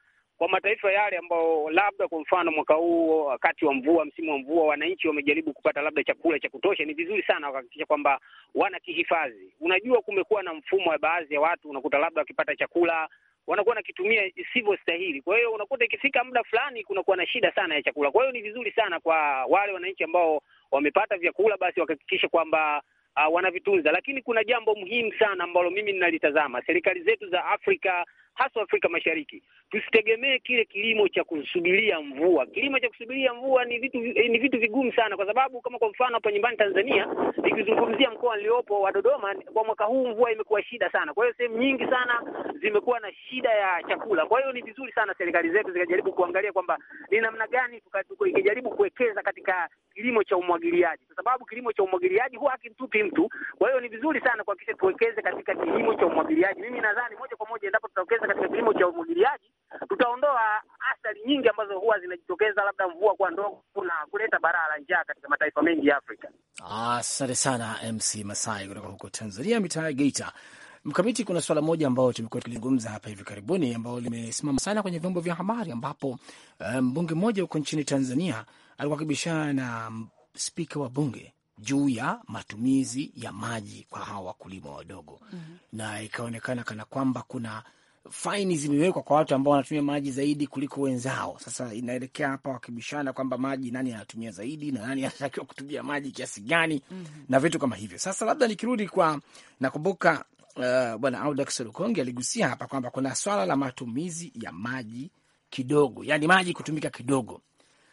kwa mataifa yale ambao labda kwa mfano mwaka huu wakati wa mvua, msimu wa mvua, wananchi wamejaribu kupata labda chakula cha kutosha, ni vizuri sana wakahakikisha kwamba wana kihifadhi Unajua, kumekuwa na mfumo wa baadhi ya watu, unakuta labda wakipata chakula wanakuwa nakitumia isivyostahili. Kwa hiyo unakuta ikifika muda fulani kunakuwa na shida sana ya chakula. Kwa hiyo ni vizuri sana kwa wale wananchi ambao wamepata vyakula, basi wakahakikisha kwamba uh, wanavitunza. Lakini kuna jambo muhimu sana ambalo mimi ninalitazama, serikali zetu za Afrika hasa Afrika Mashariki. Tusitegemee kile kilimo cha kusubiria mvua. Kilimo cha kusubiria mvua ni vitu eh, ni vitu vigumu sana, kwa sababu kama kwa mfano hapa nyumbani Tanzania, nikizungumzia mkoa niliopo wa Dodoma, kwa mwaka huu mvua imekuwa shida sana. Kwa hiyo sehemu nyingi sana zimekuwa na shida ya chakula. Kwa hiyo ni vizuri sana serikali zetu zikajaribu kuangalia kwamba ni namna gani ikijaribu kuwekeza katika kilimo cha umwagiliaji, kwa sababu kilimo cha umwagiliaji huwa hakimtupi mtu. Kwa hiyo ni vizuri sana kuhakikisha tuwekeze katika kilimo cha umwagiliaji. Mimi nadhani moja kwa moja endapo tutawekeza hasa katika kilimo cha umwagiliaji, tutaondoa athari nyingi ambazo huwa zinajitokeza, labda mvua kwa ndogo, na kuleta baraa la njaa katika mataifa mengi ya Afrika. Asante sana MC Masai kutoka huko Tanzania, mitaa ya Geita. Mkamiti, kuna swala moja ambayo tumekuwa tukilizungumza hapa hivi karibuni, ambayo limesimama sana kwenye vyombo vya habari, ambapo eh, mbunge um, mmoja huko nchini Tanzania alikuwa akibishana na spika wa bunge juu ya matumizi ya maji kwa hawa wakulima wadogo mm -hmm. na ikaonekana kana kwamba kuna faini zimewekwa kwa watu ambao wanatumia maji zaidi kuliko wenzao. Sasa inaelekea hapa wakibishana kwamba maji nani anatumia zaidi na nani anatakiwa kutumia maji kiasi gani, mm -hmm. na vitu kama hivyo. Sasa labda nikirudi kwa, nakumbuka uh, bwana Audax Lukonge aligusia hapa kwamba kuna swala la matumizi ya maji kidogo, yani maji kutumika kidogo.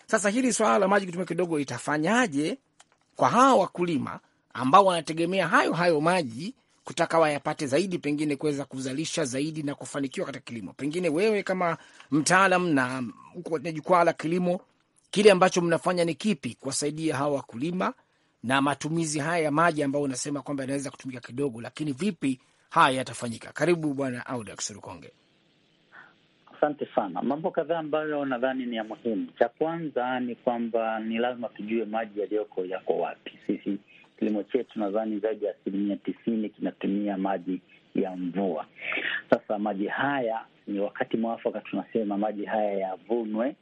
Sasa hili swala la maji kutumika kidogo itafanyaje kwa hawa wakulima ambao wanategemea hayo hayo maji kutaka wayapate zaidi, pengine kuweza kuzalisha zaidi na kufanikiwa katika kilimo. Pengine wewe kama mtaalam na uko katika jukwaa la kilimo, kile ambacho mnafanya ni kipi kuwasaidia hawa wakulima na matumizi haya ya maji ambayo unasema kwamba yanaweza kutumika kidogo, lakini vipi haya yatafanyika? Karibu Bwana Audax Rukonge. Asante sana. Mambo kadhaa ambayo nadhani ni ya muhimu. Cha kwanza ni kwamba ni lazima tujue maji yaliyoko yako wapi. Sisi kilimo chetu nadhani zaidi ya asilimia tisini kinatumia maji ya mvua. Sasa maji haya ni wakati mwafaka, tunasema maji haya yavunwe,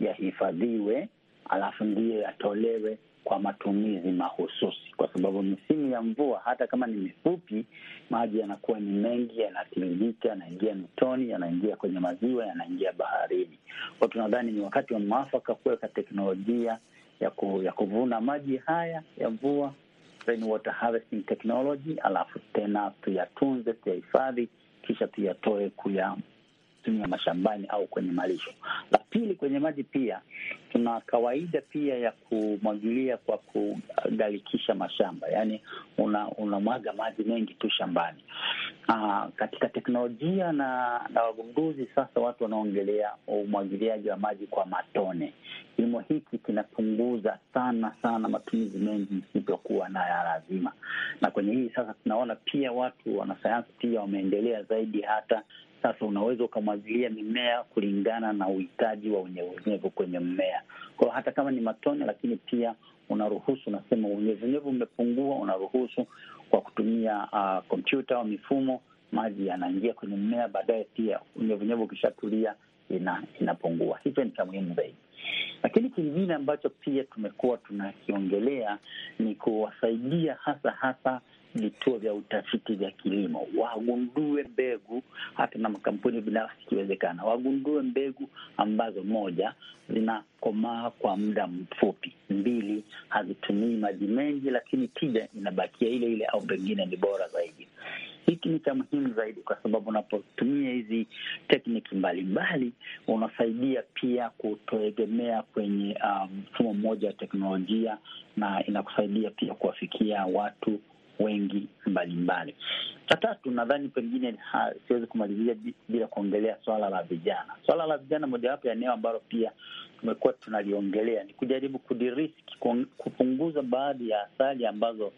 yahifadhiwe, alafu ndiyo yatolewe kwa matumizi mahususi, kwa sababu misimu ya mvua hata kama ni mifupi, maji yanakuwa ni mengi, yanatiririka, yanaingia mitoni, yanaingia kwenye maziwa, yanaingia baharini. Kwa tunadhani ni wakati wa mwafaka kuweka teknolojia ya, ku, ya kuvuna maji haya ya mvua tutrain harvesting technology, alafu tena tuyatunze, tuyahifadhi, kisha tuyatoe kuya kutumia mashambani au kwenye malisho. La pili, kwenye maji pia tuna kawaida pia ya kumwagilia kwa kugalikisha mashamba, yaani unamwaga una maji mengi tu shambani. Aa, ah, katika teknolojia na na wagunduzi sasa watu wanaongelea umwagiliaji wa maji kwa matone. Kilimo hiki kinapunguza sana sana matumizi mengi isivyokuwa na ya lazima, na kwenye hii sasa tunaona pia watu wanasayansi pia wameendelea zaidi hata sasa unaweza ukamwagilia mimea kulingana na uhitaji wa unyevunyevu kwenye mmea. Kwa hiyo hata kama ni matone, lakini pia unaruhusu, unasema unyevunyevu umepungua, unaruhusu kwa kutumia ah, kompyuta au mifumo, maji yanaingia kwenye mmea, baadaye pia unyevunyevu ukishatulia ina, inapungua. hivyo ni cha muhimu zaidi, lakini kingine ambacho pia tumekuwa tunakiongelea ni kuwasaidia hasa hasa vituo vya utafiti vya kilimo, wagundue mbegu, hata na makampuni binafsi ikiwezekana, wagundue mbegu ambazo moja, zinakomaa kwa muda mfupi, mbili, hazitumii maji mengi, lakini tija inabakia ile ile au pengine ni bora zaidi. Hiki ni cha muhimu zaidi, kwa sababu unapotumia hizi tekniki mbalimbali unasaidia pia kutoegemea kwenye ah, mfumo um, mmoja wa teknolojia na inakusaidia pia kuwafikia watu wengi mbalimbali. Cha tatu, nadhani pengine siwezi kumalizia bila kuongelea swala la vijana. Swala la vijana, mojawapo ya eneo ambalo pia tumekuwa tunaliongelea ni kujaribu kudiriski, kupunguza baadhi ya athari ambazo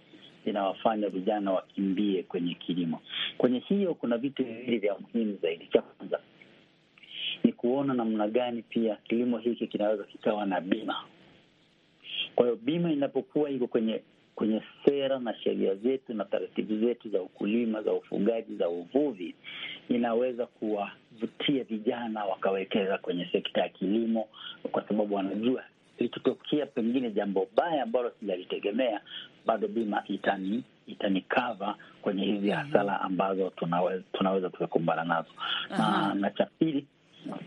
inawafanya vijana wakimbie kwenye kilimo. Kwenye hiyo kuna vitu viwili vya muhimu zaidi. Cha kwanza ni kuona namna gani pia kilimo hiki kinaweza kikawa na bima. Kwa hiyo bima inapokuwa iko kwenye kwenye sera na sheria zetu na taratibu zetu za ukulima, za ufugaji, za uvuvi, inaweza kuwavutia vijana wakawekeza kwenye sekta ya kilimo, kwa sababu wanajua likitokea pengine jambo baya ambalo sijalitegemea, bado bima itani itanikava kwenye hizi hasara ambazo tunaweza tukakumbana nazo. Na, na cha pili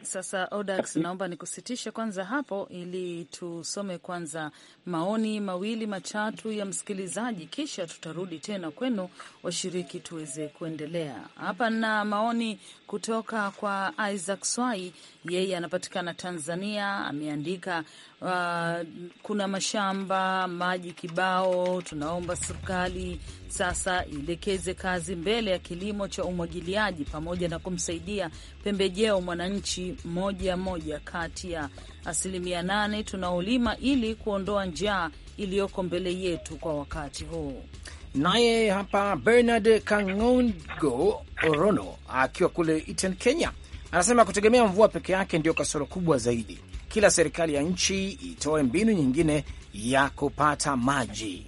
sasa Odax, naomba nikusitishe kwanza hapo ili tusome kwanza maoni mawili matatu ya msikilizaji, kisha tutarudi tena kwenu washiriki tuweze kuendelea. Hapa na maoni kutoka kwa Isaac Swai, yeye anapatikana Tanzania, ameandika uh, kuna mashamba, maji kibao. Tunaomba serikali sasa ielekeze kazi mbele ya kilimo cha umwagiliaji pamoja na kumsaidia pembejeo mwananchi moja moja kati ya asilimia nane tunaolima ili kuondoa njaa iliyoko mbele yetu kwa wakati huu. Naye hapa Bernard Kangongo Orono akiwa kule Iten, Kenya, anasema kutegemea mvua peke yake ndio kasoro kubwa zaidi kila serikali ya nchi itoe mbinu nyingine ya kupata maji.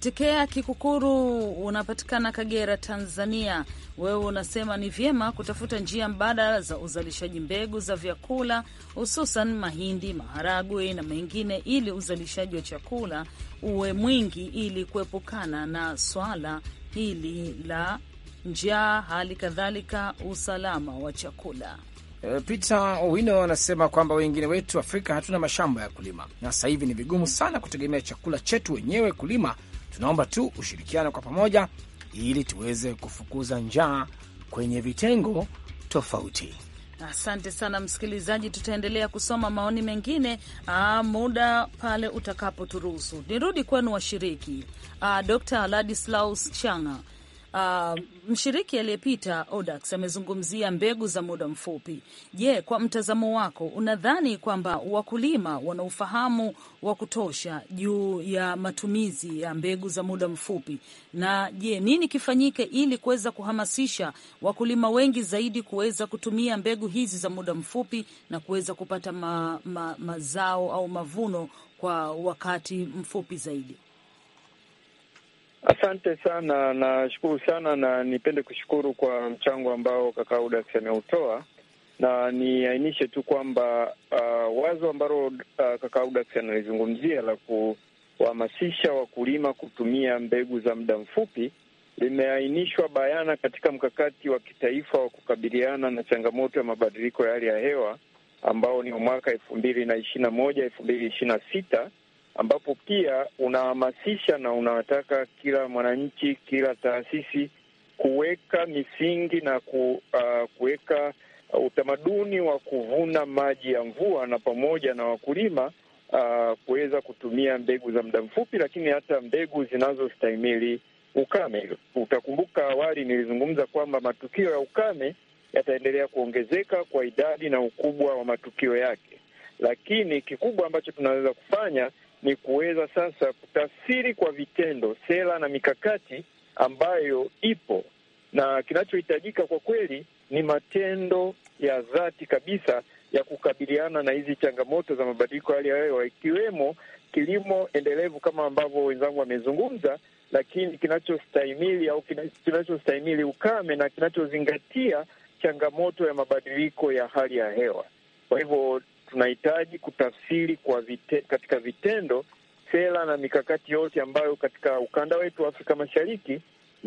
Tekea Kikukuru, unapatikana Kagera, Tanzania. Wewe unasema ni vyema kutafuta njia mbadala za uzalishaji mbegu za vyakula hususan mahindi, maharagwe na mengine, ili uzalishaji wa chakula uwe mwingi, ili kuepukana na swala hili la njaa, hali kadhalika usalama wa chakula. Eh, Peter Owino anasema kwamba wengine wetu Afrika hatuna mashamba ya kulima, na sasa hivi ni vigumu sana kutegemea chakula chetu wenyewe kulima. Tunaomba tu ushirikiano kwa pamoja, ili tuweze kufukuza njaa kwenye vitengo tofauti. Asante sana msikilizaji, tutaendelea kusoma maoni mengine aa, ah, muda pale utakapoturuhusu. Nirudi kwenu washiriki. Ah, Dr Ladislaus Changa Uh, mshiriki aliyepita Odax amezungumzia mbegu za muda mfupi. Je, kwa mtazamo wako unadhani kwamba wakulima wana ufahamu wa kutosha juu ya matumizi ya mbegu za muda mfupi? Na je, nini kifanyike ili kuweza kuhamasisha wakulima wengi zaidi kuweza kutumia mbegu hizi za muda mfupi na kuweza kupata ma, ma, mazao au mavuno kwa wakati mfupi zaidi? Asante sana, nashukuru sana na nipende kushukuru kwa mchango ambao kaka Audax ameutoa, na niainishe tu kwamba uh, wazo ambalo uh, kaka Audax analizungumzia la kuhamasisha wakulima kutumia mbegu za muda mfupi limeainishwa bayana katika mkakati wa kitaifa wa kukabiliana na changamoto ya mabadiliko ya hali ya hewa ambao ni mwaka elfu mbili na ishirini na moja elfu mbili ishirini na sita ambapo pia unahamasisha na unawataka kila mwananchi, kila taasisi kuweka misingi na ku, uh, kuweka utamaduni wa kuvuna maji ya mvua na pamoja na wakulima uh, kuweza kutumia mbegu za muda mfupi, lakini hata mbegu zinazostahimili ukame. Utakumbuka awali nilizungumza kwamba matukio ya ukame yataendelea kuongezeka kwa idadi na ukubwa wa matukio yake, lakini kikubwa ambacho tunaweza kufanya ni kuweza sasa kutafsiri kwa vitendo sera na mikakati ambayo ipo, na kinachohitajika kwa kweli ni matendo ya dhati kabisa ya kukabiliana na hizi changamoto za mabadiliko ya hali ya hewa, ikiwemo kilimo endelevu kama ambavyo wenzangu wamezungumza, lakini kinachostahimili au kinachostahimili ukame na kinachozingatia changamoto ya mabadiliko ya hali ya hewa. Kwa hivyo tunahitaji kutafsiri kwa vite, katika vitendo sera na mikakati yote ambayo katika ukanda wetu wa Afrika Mashariki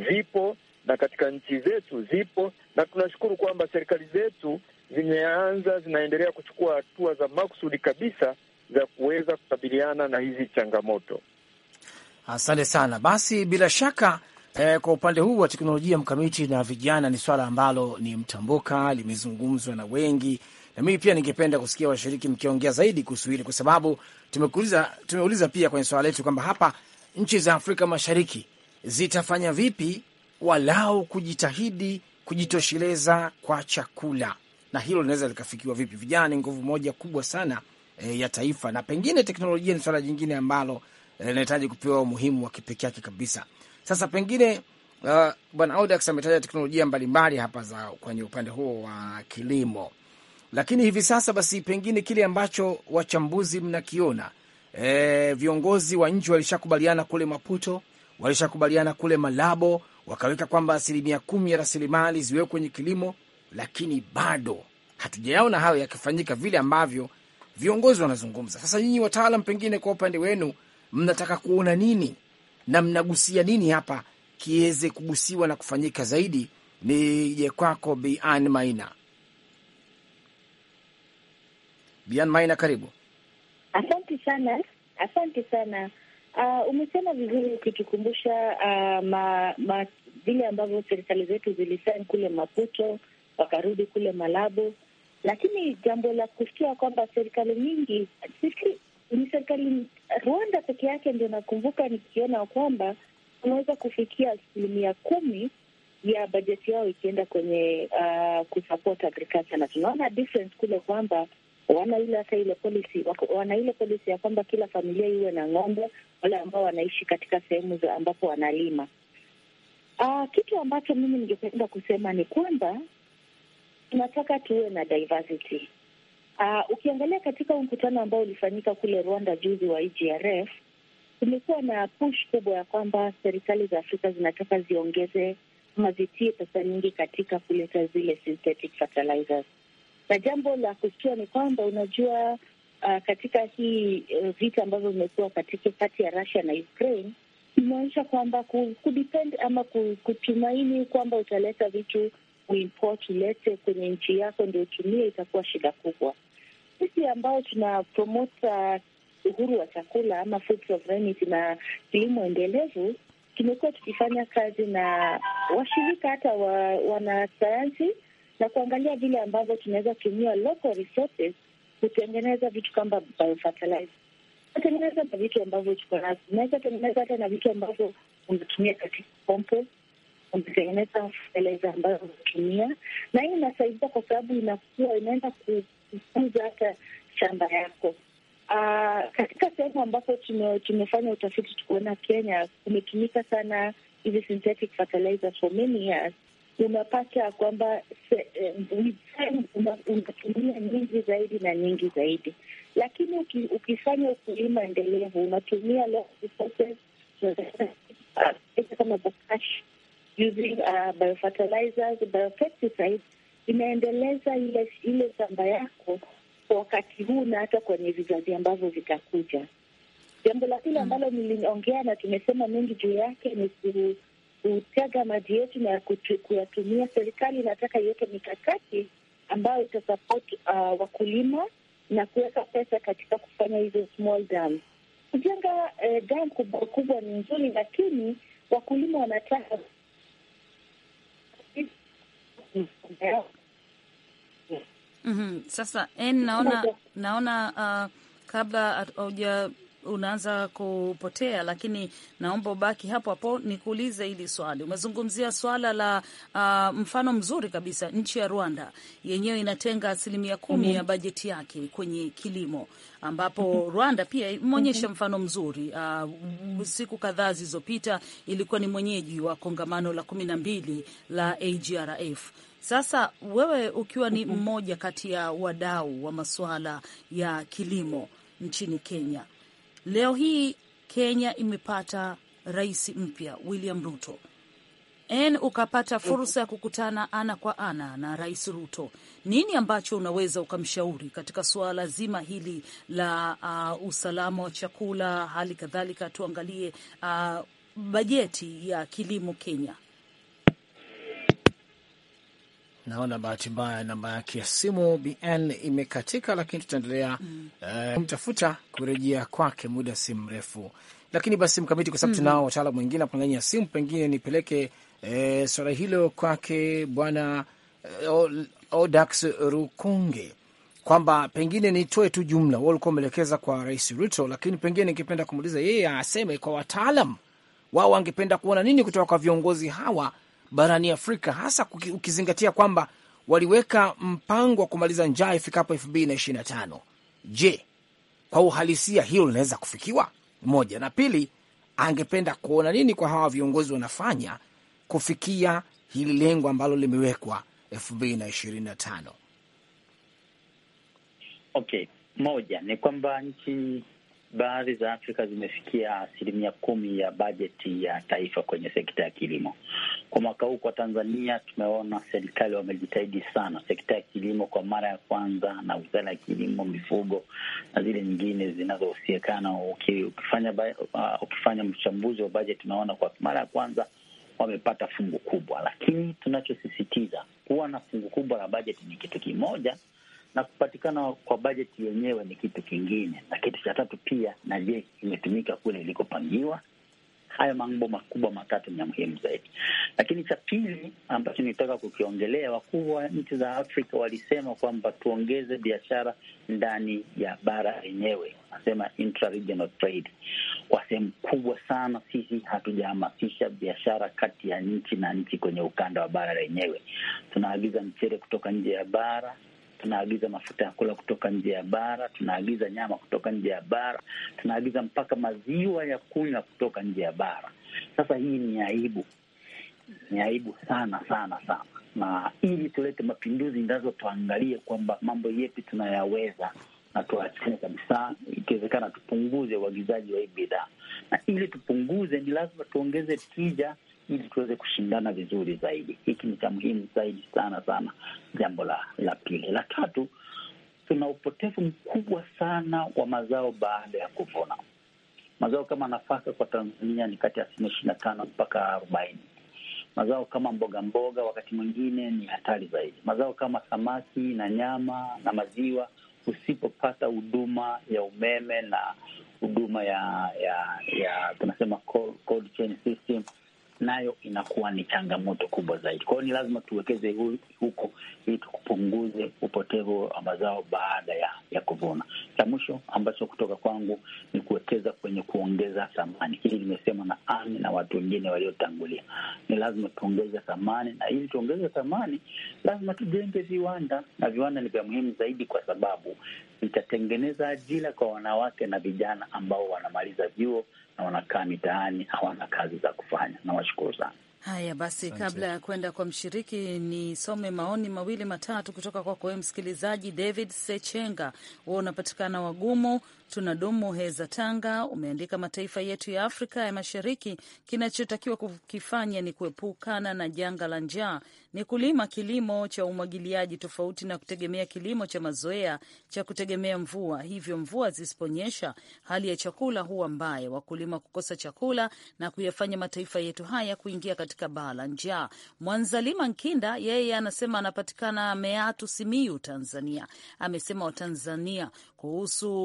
zipo na katika nchi zetu zipo, na tunashukuru kwamba serikali zetu zimeanza zinaendelea kuchukua hatua za makusudi kabisa za kuweza kukabiliana na hizi changamoto. Asante sana. Basi bila shaka eh, kwa upande huu wa teknolojia mkamiti na vijana ni swala ambalo ni mtambuka, limezungumzwa na wengi na mimi pia ningependa kusikia washiriki mkiongea zaidi kuhusu hili, kwa sababu tumekuuliza, tumeuliza pia kwenye swala letu kwamba hapa nchi za Afrika Mashariki zitafanya vipi walau kujitahidi kujitosheleza kwa chakula, na hilo linaweza likafikiwa vipi? Vijana ni nguvu moja kubwa sana e, ya taifa, na pengine teknolojia ni swala jingine ambalo eh, linahitaji e, kupewa umuhimu wa kipekee yake kabisa. Sasa pengine uh, bwana Audax ametaja teknolojia mbalimbali hapa za kwenye upande huo wa kilimo lakini hivi sasa basi, pengine kile ambacho wachambuzi mnakiona, e, viongozi wa nchi walishakubaliana kule Maputo, walishakubaliana kule Malabo, wakaweka kwamba asilimia kumi ya rasilimali ziwekwe kwenye kilimo, lakini bado hatujayaona hayo yakifanyika vile ambavyo viongozi wanazungumza. Sasa nyinyi wataalam, pengine kwa upande wenu mnataka kuona nini na mnagusia nini hapa kiweze kugusiwa na kufanyika zaidi? Nije kwako Bian Maina. Bian Maina, karibu. Asante sana, asante sana. Uh, umesema vizuri ukitukumbusha uh, ah, ma, ma, vile ambavyo serikali zetu zilisaini kule Maputo wakarudi kule Malabo, lakini jambo la kusikia kwamba serikali nyingi siki, ni serikali Rwanda peke yake ndio nakumbuka nikiona kwamba unaweza kufikia asilimia kumi ya bajeti yao ikienda kwenye uh, kusupport agriculture, na tunaona difference kule kwamba wana ile hata ile policy wana ile policy ya kwamba kila familia iwe na ng'ombe, wale ambao wanaishi katika sehemu ambapo wanalima. Aa, ah, kitu ambacho mimi ningependa kusema ni kwamba tunataka tuwe na diversity. Aa, ah, ukiangalia katika mkutano ambao ulifanyika kule Rwanda juzi wa IGRF, e kumekuwa na push kubwa ya kwamba serikali za Afrika zinataka ziongeze ama zitie pesa nyingi katika kuleta zile synthetic fertilizers na jambo la kusikia ni kwamba unajua, uh, katika hii uh, vita ambavyo vimekuwa katika kati ya Russia na Ukraine imeonyesha kwamba kudepend ama kutumaini kwamba utaleta vitu uimport ulete kwenye nchi yako ndio utumie, itakuwa shida kubwa. Sisi ambao promota uh, uhuru wa chakula ama food sovereignty na kilimo endelevu, tumekuwa tukifanya kazi na washirika hata wa, wanasayansi na kuangalia vile ambavyo tunaweza tumia local resources kutengeneza vitu kama biofertilizer. Unatengeneza na vitu ambavyo tuko nazo, unaweza tengeneza hata na vitu ambavyo unatumia katika compost, unatengeneza fertilizer ambayo unatumia, na hii inasaidia kwa sababu inakuwa inaenda kukuza hata shamba yako. Uh, katika sehemu ambapo tumefanya utafiti tukuona Kenya kumetumika sana hizi synthetic fertilizer for many years unapata kwamba e, unatumia nyingi zaidi na nyingi zaidi, lakini ukifanya ukulima endelevu unatumia kama uh, inaendeleza ile ile shamba yako kwa wakati huu na hata kwenye vizazi ambavyo vitakuja. Jambo la pili mm. ambalo niliongea na tumesema mengi juu yake ni kutaga maji yetu na kuyatumia. Serikali inataka iweke mikakati ambayo itasapoti uh, wakulima na kuweka pesa katika kufanya hizo small dams. Kujenga eh, dam kubwa kubwa ni nzuri, lakini wakulima wanataka mm -hmm. Sasa en, eh, naona naona uh, kabla hauja unaanza kupotea, lakini naomba ubaki hapo hapo nikuulize hili swali. Umezungumzia swala la uh, mfano mzuri kabisa nchi ya Rwanda yenyewe inatenga asilimia kumi mm -hmm. ya mhm. bajeti yake kwenye kilimo ambapo mhm. Rwanda pia imeonyesha mhm. mfano mzuri uh, siku kadhaa zilizopita ilikuwa ni mwenyeji wa kongamano la kumi na mbili la AGRF. Sasa wewe ukiwa ni mmoja kati ya wadau wa masuala ya kilimo nchini Kenya, Leo hii Kenya imepata rais mpya William Ruto n ukapata fursa ya kukutana ana kwa ana na Rais Ruto, nini ambacho unaweza ukamshauri katika suala zima hili la uh, usalama wa chakula, hali kadhalika tuangalie uh, bajeti ya kilimo Kenya? Naona bahati mbaya namba yake ya simu BN imekatika, lakini tutaendelea mm. uh, kumtafuta kurejea kwake muda si mrefu. Lakini basi mkamiti, kwa sababu mm. tunao wataalamu wengine hapo ndani ya simu, pengine nipeleke eh, swala hilo kwake bwana eh, Odax Rukunge kwamba pengine nitoe tu jumla, wewe ulikuwa umeelekeza kwa Rais Ruto, lakini pengine ningependa kumuuliza yeye aseme kwa wataalam wao wangependa kuona nini kutoka kwa viongozi hawa barani Afrika, hasa ukizingatia kwamba waliweka mpango wa kumaliza njaa ifikapo elfu mbili na ishirini na tano. Je, kwa uhalisia hilo linaweza kufikiwa? Moja na pili, angependa kuona nini kwa hawa viongozi wanafanya kufikia hili lengo ambalo limewekwa elfu mbili na ishirini na tano? Okay, moja ni kwamba nchi baadhi za Afrika zimefikia asilimia kumi ya bajeti ya taifa kwenye sekta ya kilimo. Kwa mwaka huu kwa Tanzania tumeona serikali wamejitahidi sana. Sekta ya kilimo kwa mara ya kwanza na wizara ya kilimo, mifugo na zile nyingine zinazohusiekana, ukifanya uh, ukifanya mchambuzi wa bajeti unaona kwa mara ya kwanza wamepata fungu kubwa, lakini tunachosisitiza kuwa na fungu kubwa la bajeti ni kitu kimoja na kupatikana kwa bajeti yenyewe ni kitu kingine, na kitu cha tatu pia, na je, imetumika kule ilikopangiwa? Haya mambo makubwa matatu ni ya muhimu zaidi. Lakini cha pili ambacho nitaka kukiongelea, wakuu wa nchi za Afrika walisema kwamba tuongeze biashara ndani ya bara lenyewe, wanasema intra-regional trade. Kwa sehemu kubwa sana sisi hatujahamasisha biashara kati ya nchi na nchi kwenye ukanda wa bara lenyewe. Tunaagiza mchere kutoka nje ya bara, tunaagiza mafuta ya kula kutoka nje ya bara, tunaagiza nyama kutoka nje ya bara, tunaagiza mpaka maziwa ya kunywa kutoka nje ya bara. Sasa hii ni aibu, ni aibu sana sana sana, na ili tulete mapinduzi ndazo, tuangalie kwamba mambo yepi tunayaweza na tuachane kabisa, ikiwezekana tupunguze uagizaji wa hii bidhaa, na ili tupunguze, ni lazima tuongeze tija ili tuweze kushindana vizuri zaidi. Hiki ni cha muhimu zaidi sana sana. Jambo la la pili, la tatu, tuna upotevu mkubwa sana wa mazao baada ya kuvuna. Mazao kama nafaka kwa Tanzania ni kati ya asilimia ishirini na tano mpaka arobaini. Mazao kama mboga mboga wakati mwingine ni hatari zaidi. Mazao kama samaki na nyama na maziwa, usipopata huduma ya umeme na huduma ya ya ya tunasema cold chain system nayo inakuwa ni changamoto kubwa zaidi. Kwa hiyo ni lazima tuwekeze huko ili tupunguze upotevu wa mazao baada ya, ya kuvuna. Cha mwisho ambacho kutoka kwangu ni kuwekeza kwenye kuongeza thamani. Hili limesemwa na Ami na watu wengine waliotangulia. Ni lazima tuongeze thamani, na ili tuongeze thamani lazima tujenge viwanda, na viwanda ni vya muhimu zaidi kwa sababu vitatengeneza ajira kwa wanawake na vijana ambao wanamaliza vyuo na wanakaa mitaani, hawana kazi za kufanya. Nawashukuru sana. Haya basi, kabla ya kwenda kwa mshiriki, nisome maoni mawili matatu kutoka kwako wewe msikilizaji. David Sechenga, wewe unapatikana Wagumu tunadumu Heza, Tanga, umeandika mataifa yetu ya Afrika ya Mashariki kinachotakiwa kukifanya ni kuepukana na janga la njaa ni kulima kilimo cha umwagiliaji tofauti na kutegemea kilimo cha mazoea cha kutegemea mvua. Hivyo mvua zisiponyesha, hali ya chakula huwa mbaya, wakulima kukosa chakula na kuyafanya mataifa yetu haya kuingia katika baa la njaa. Mwanzalima Nkinda yeye anasema anapatikana Meatu, Simiyu, Tanzania. Amesema Watanzania kuhusu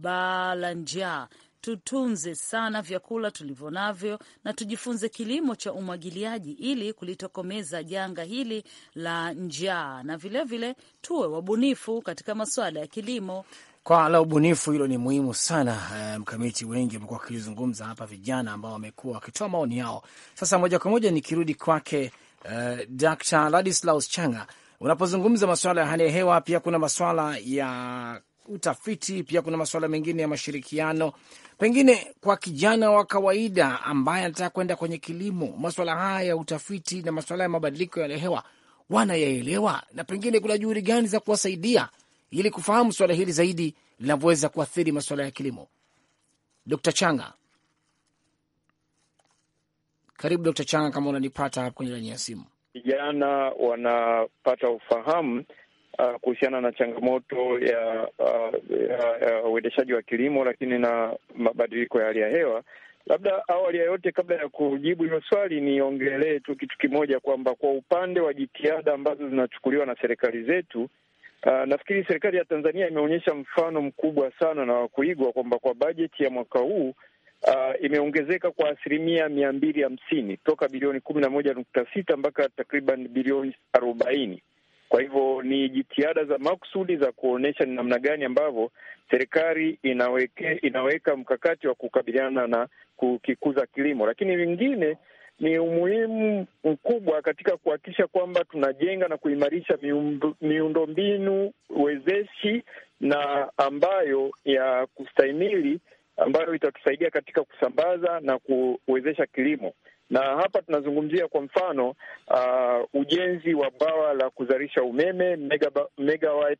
baa la njaa tutunze sana vyakula tulivyo navyo na tujifunze kilimo cha umwagiliaji ili kulitokomeza janga hili la njaa, na vilevile vile, tuwe wabunifu katika masuala ya kilimo. Kwa la ubunifu hilo ni muhimu sana eh, mkamiti. Um, wengi wamekuwa wakilizungumza hapa, vijana ambao wamekuwa wakitoa maoni yao. Sasa moja kwa moja nikirudi kwake, uh, Dr. Ladislaus Changa, unapozungumza masuala ya hali ya hewa, pia kuna masuala ya utafiti, pia kuna masuala mengine ya mashirikiano Pengine kwa kijana wa kawaida ambaye anataka kwenda kwenye kilimo, maswala haya ya utafiti na maswala ya mabadiliko ya hewa wanayaelewa, na pengine kuna juhudi gani za kuwasaidia ili kufahamu swala hili zaidi linavyoweza kuathiri maswala ya kilimo? Dkt. Changa, karibu Dkt. Changa, kama unanipata hapo kwenye laini ya simu. Vijana wanapata ufahamu uh, kuhusiana na changamoto ya uh, uendeshaji uh, wa kilimo, lakini na mabadiliko ya hali ya hewa. Labda awali ya yote, kabla ya kujibu hilo swali, niongelee tu kitu kimoja kwamba kwa upande wa jitihada ambazo zinachukuliwa na serikali zetu Uh, nafikiri serikali ya Tanzania imeonyesha mfano mkubwa sana na wa kuigwa kwamba kwa bajeti ya mwaka huu uh, imeongezeka kwa asilimia mia mbili hamsini toka bilioni kumi na moja nukta sita mpaka takriban bilioni arobaini kwa hivyo ni jitihada za makusudi za kuonyesha ni namna gani ambavyo serikali inaweke, inaweka mkakati wa kukabiliana na kukikuza kilimo, lakini vingine ni umuhimu mkubwa katika kuhakikisha kwamba tunajenga na kuimarisha miundombinu wezeshi na ambayo ya kustahimili ambayo itatusaidia katika kusambaza na kuwezesha kilimo na hapa tunazungumzia kwa mfano uh, ujenzi wa bawa la kuzalisha umeme megawat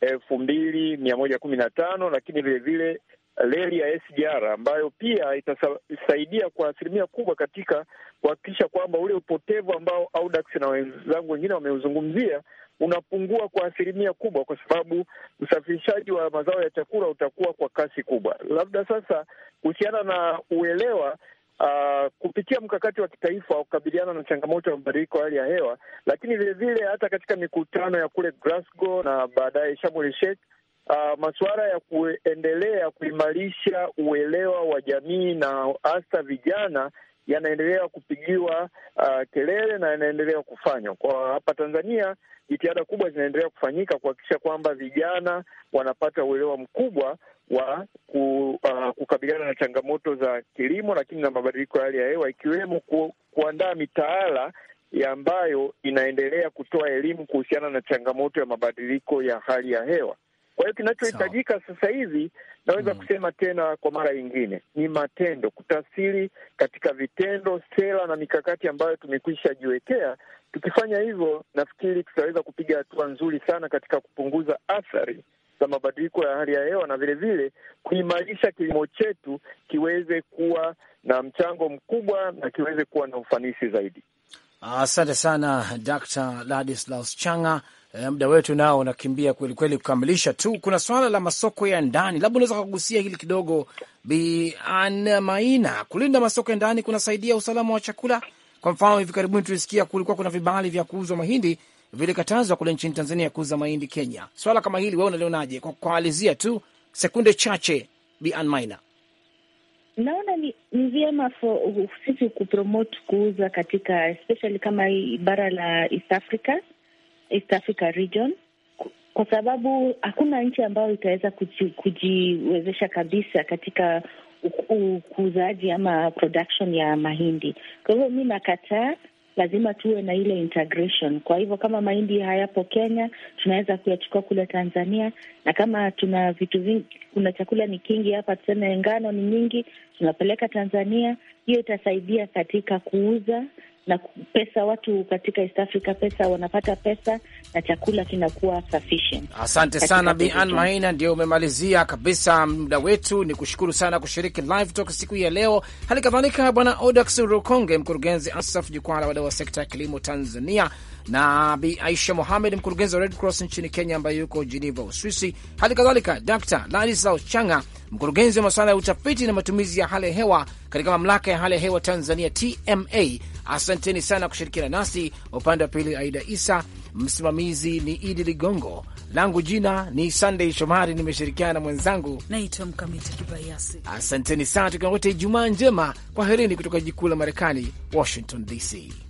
elfu mbili mia moja kumi na tano lakini vilevile uh, reli ya SGR ambayo pia itasaidia kwa asilimia kubwa katika kuhakikisha kwamba ule upotevu ambao Audax na wenzangu wengine wameuzungumzia unapungua kwa asilimia kubwa, kwa sababu usafirishaji wa mazao ya chakula utakuwa kwa kasi kubwa. Labda sasa, kuhusiana na uelewa uh, kupitia mkakati wa kitaifa wa kukabiliana na changamoto ya mabadiliko ya hali ya hewa, lakini vilevile hata katika mikutano ya kule Glasgow na baadaye Sharm el Sheikh Uh, ah, masuala ya kuendelea kuimarisha uelewa wa jamii na hasa vijana yanaendelea kupigiwa uh, kelele na yanaendelea kufanywa kwa hapa Tanzania. Jitihada kubwa zinaendelea kufanyika kuhakikisha kwamba vijana wanapata uelewa mkubwa wa ku, uh, kukabiliana na changamoto za kilimo, lakini na mabadiliko ya hali ya hewa ikiwemo ku, kuandaa mitaala ya ambayo inaendelea kutoa elimu kuhusiana na changamoto ya mabadiliko ya hali ya hewa. Kwa hiyo kinachohitajika sasa hivi naweza mm, kusema tena kwa mara nyingine ni matendo, kutafsiri katika vitendo sera na mikakati ambayo tumekwisha jiwekea. Tukifanya hivyo, nafikiri tutaweza kupiga hatua nzuri sana katika kupunguza athari za mabadiliko ya hali ya hewa na vilevile kuimarisha kilimo chetu kiweze kuwa na mchango mkubwa na kiweze kuwa na ufanisi zaidi. Asante sana Dr. Ladislaus Changa. E, muda wetu nao unakimbia kwelikweli kukamilisha tu. Kuna swala la masoko ya ndani, labda unaweza kugusia hili kidogo, Bi Kulinda masoko ya ndani kunasaidia usalama wa chakula. Kwa mfano, hivi karibuni tulisikia kulikuwa kuna vibali vya kuuzwa mahindi vilikatazwa kule nchini Tanzania kuuza mahindi Kenya. Swala kama hili wewe unalionaje? Kwa kualizia tu sekunde chache, Bi Ann Maina. Naona ni, ni vyema sisi kupromote kuuza katika especially kama hii bara la East Africa, East Africa region, kwa sababu hakuna nchi ambayo itaweza kujiwezesha kabisa katika ukuzaji ama production ya mahindi. Kwa hivyo mi nakataa lazima tuwe na ile integration. Kwa hivyo kama mahindi hayapo Kenya, tunaweza kuyachukua kule Tanzania, na kama tuna vitu vingi, kuna chakula ni kingi hapa, tuseme ngano ni nyingi, tunapeleka Tanzania. Hiyo itasaidia katika kuuza na pesa watu katika East Africa pesa wanapata pesa na chakula kinakuwa sufficient. Asante sana Bi Ann Maina, ndio umemalizia kabisa muda wetu. Ni kushukuru sana kushiriki live talk siku hii ya leo, hali kadhalika Bwana Odax Rukonge, mkurugenzi ASAF, jukwaa la wadau wa sekta ya kilimo Tanzania na Bi Aisha Mohamed, mkurugenzi wa Red Cross nchini Kenya ambaye yuko Geneva, Uswisi. Hali kadhalika Dr Ladislaus Changa, mkurugenzi wa masuala ya utafiti na matumizi ya hali ya hewa katika mamlaka ya hali ya hewa Tanzania, TMA. Asanteni sana kushirikiana nasi. Upande wa pili Aida Isa, msimamizi ni Idi Ligongo, langu jina ni Sandey Shomari, nimeshirikiana na mwenzangu naitwa Mkamiti Kibayasi. Asanteni sana, tukiwa Ijumaa njema. Kwaherini kutoka jikuu la Marekani, Washington DC.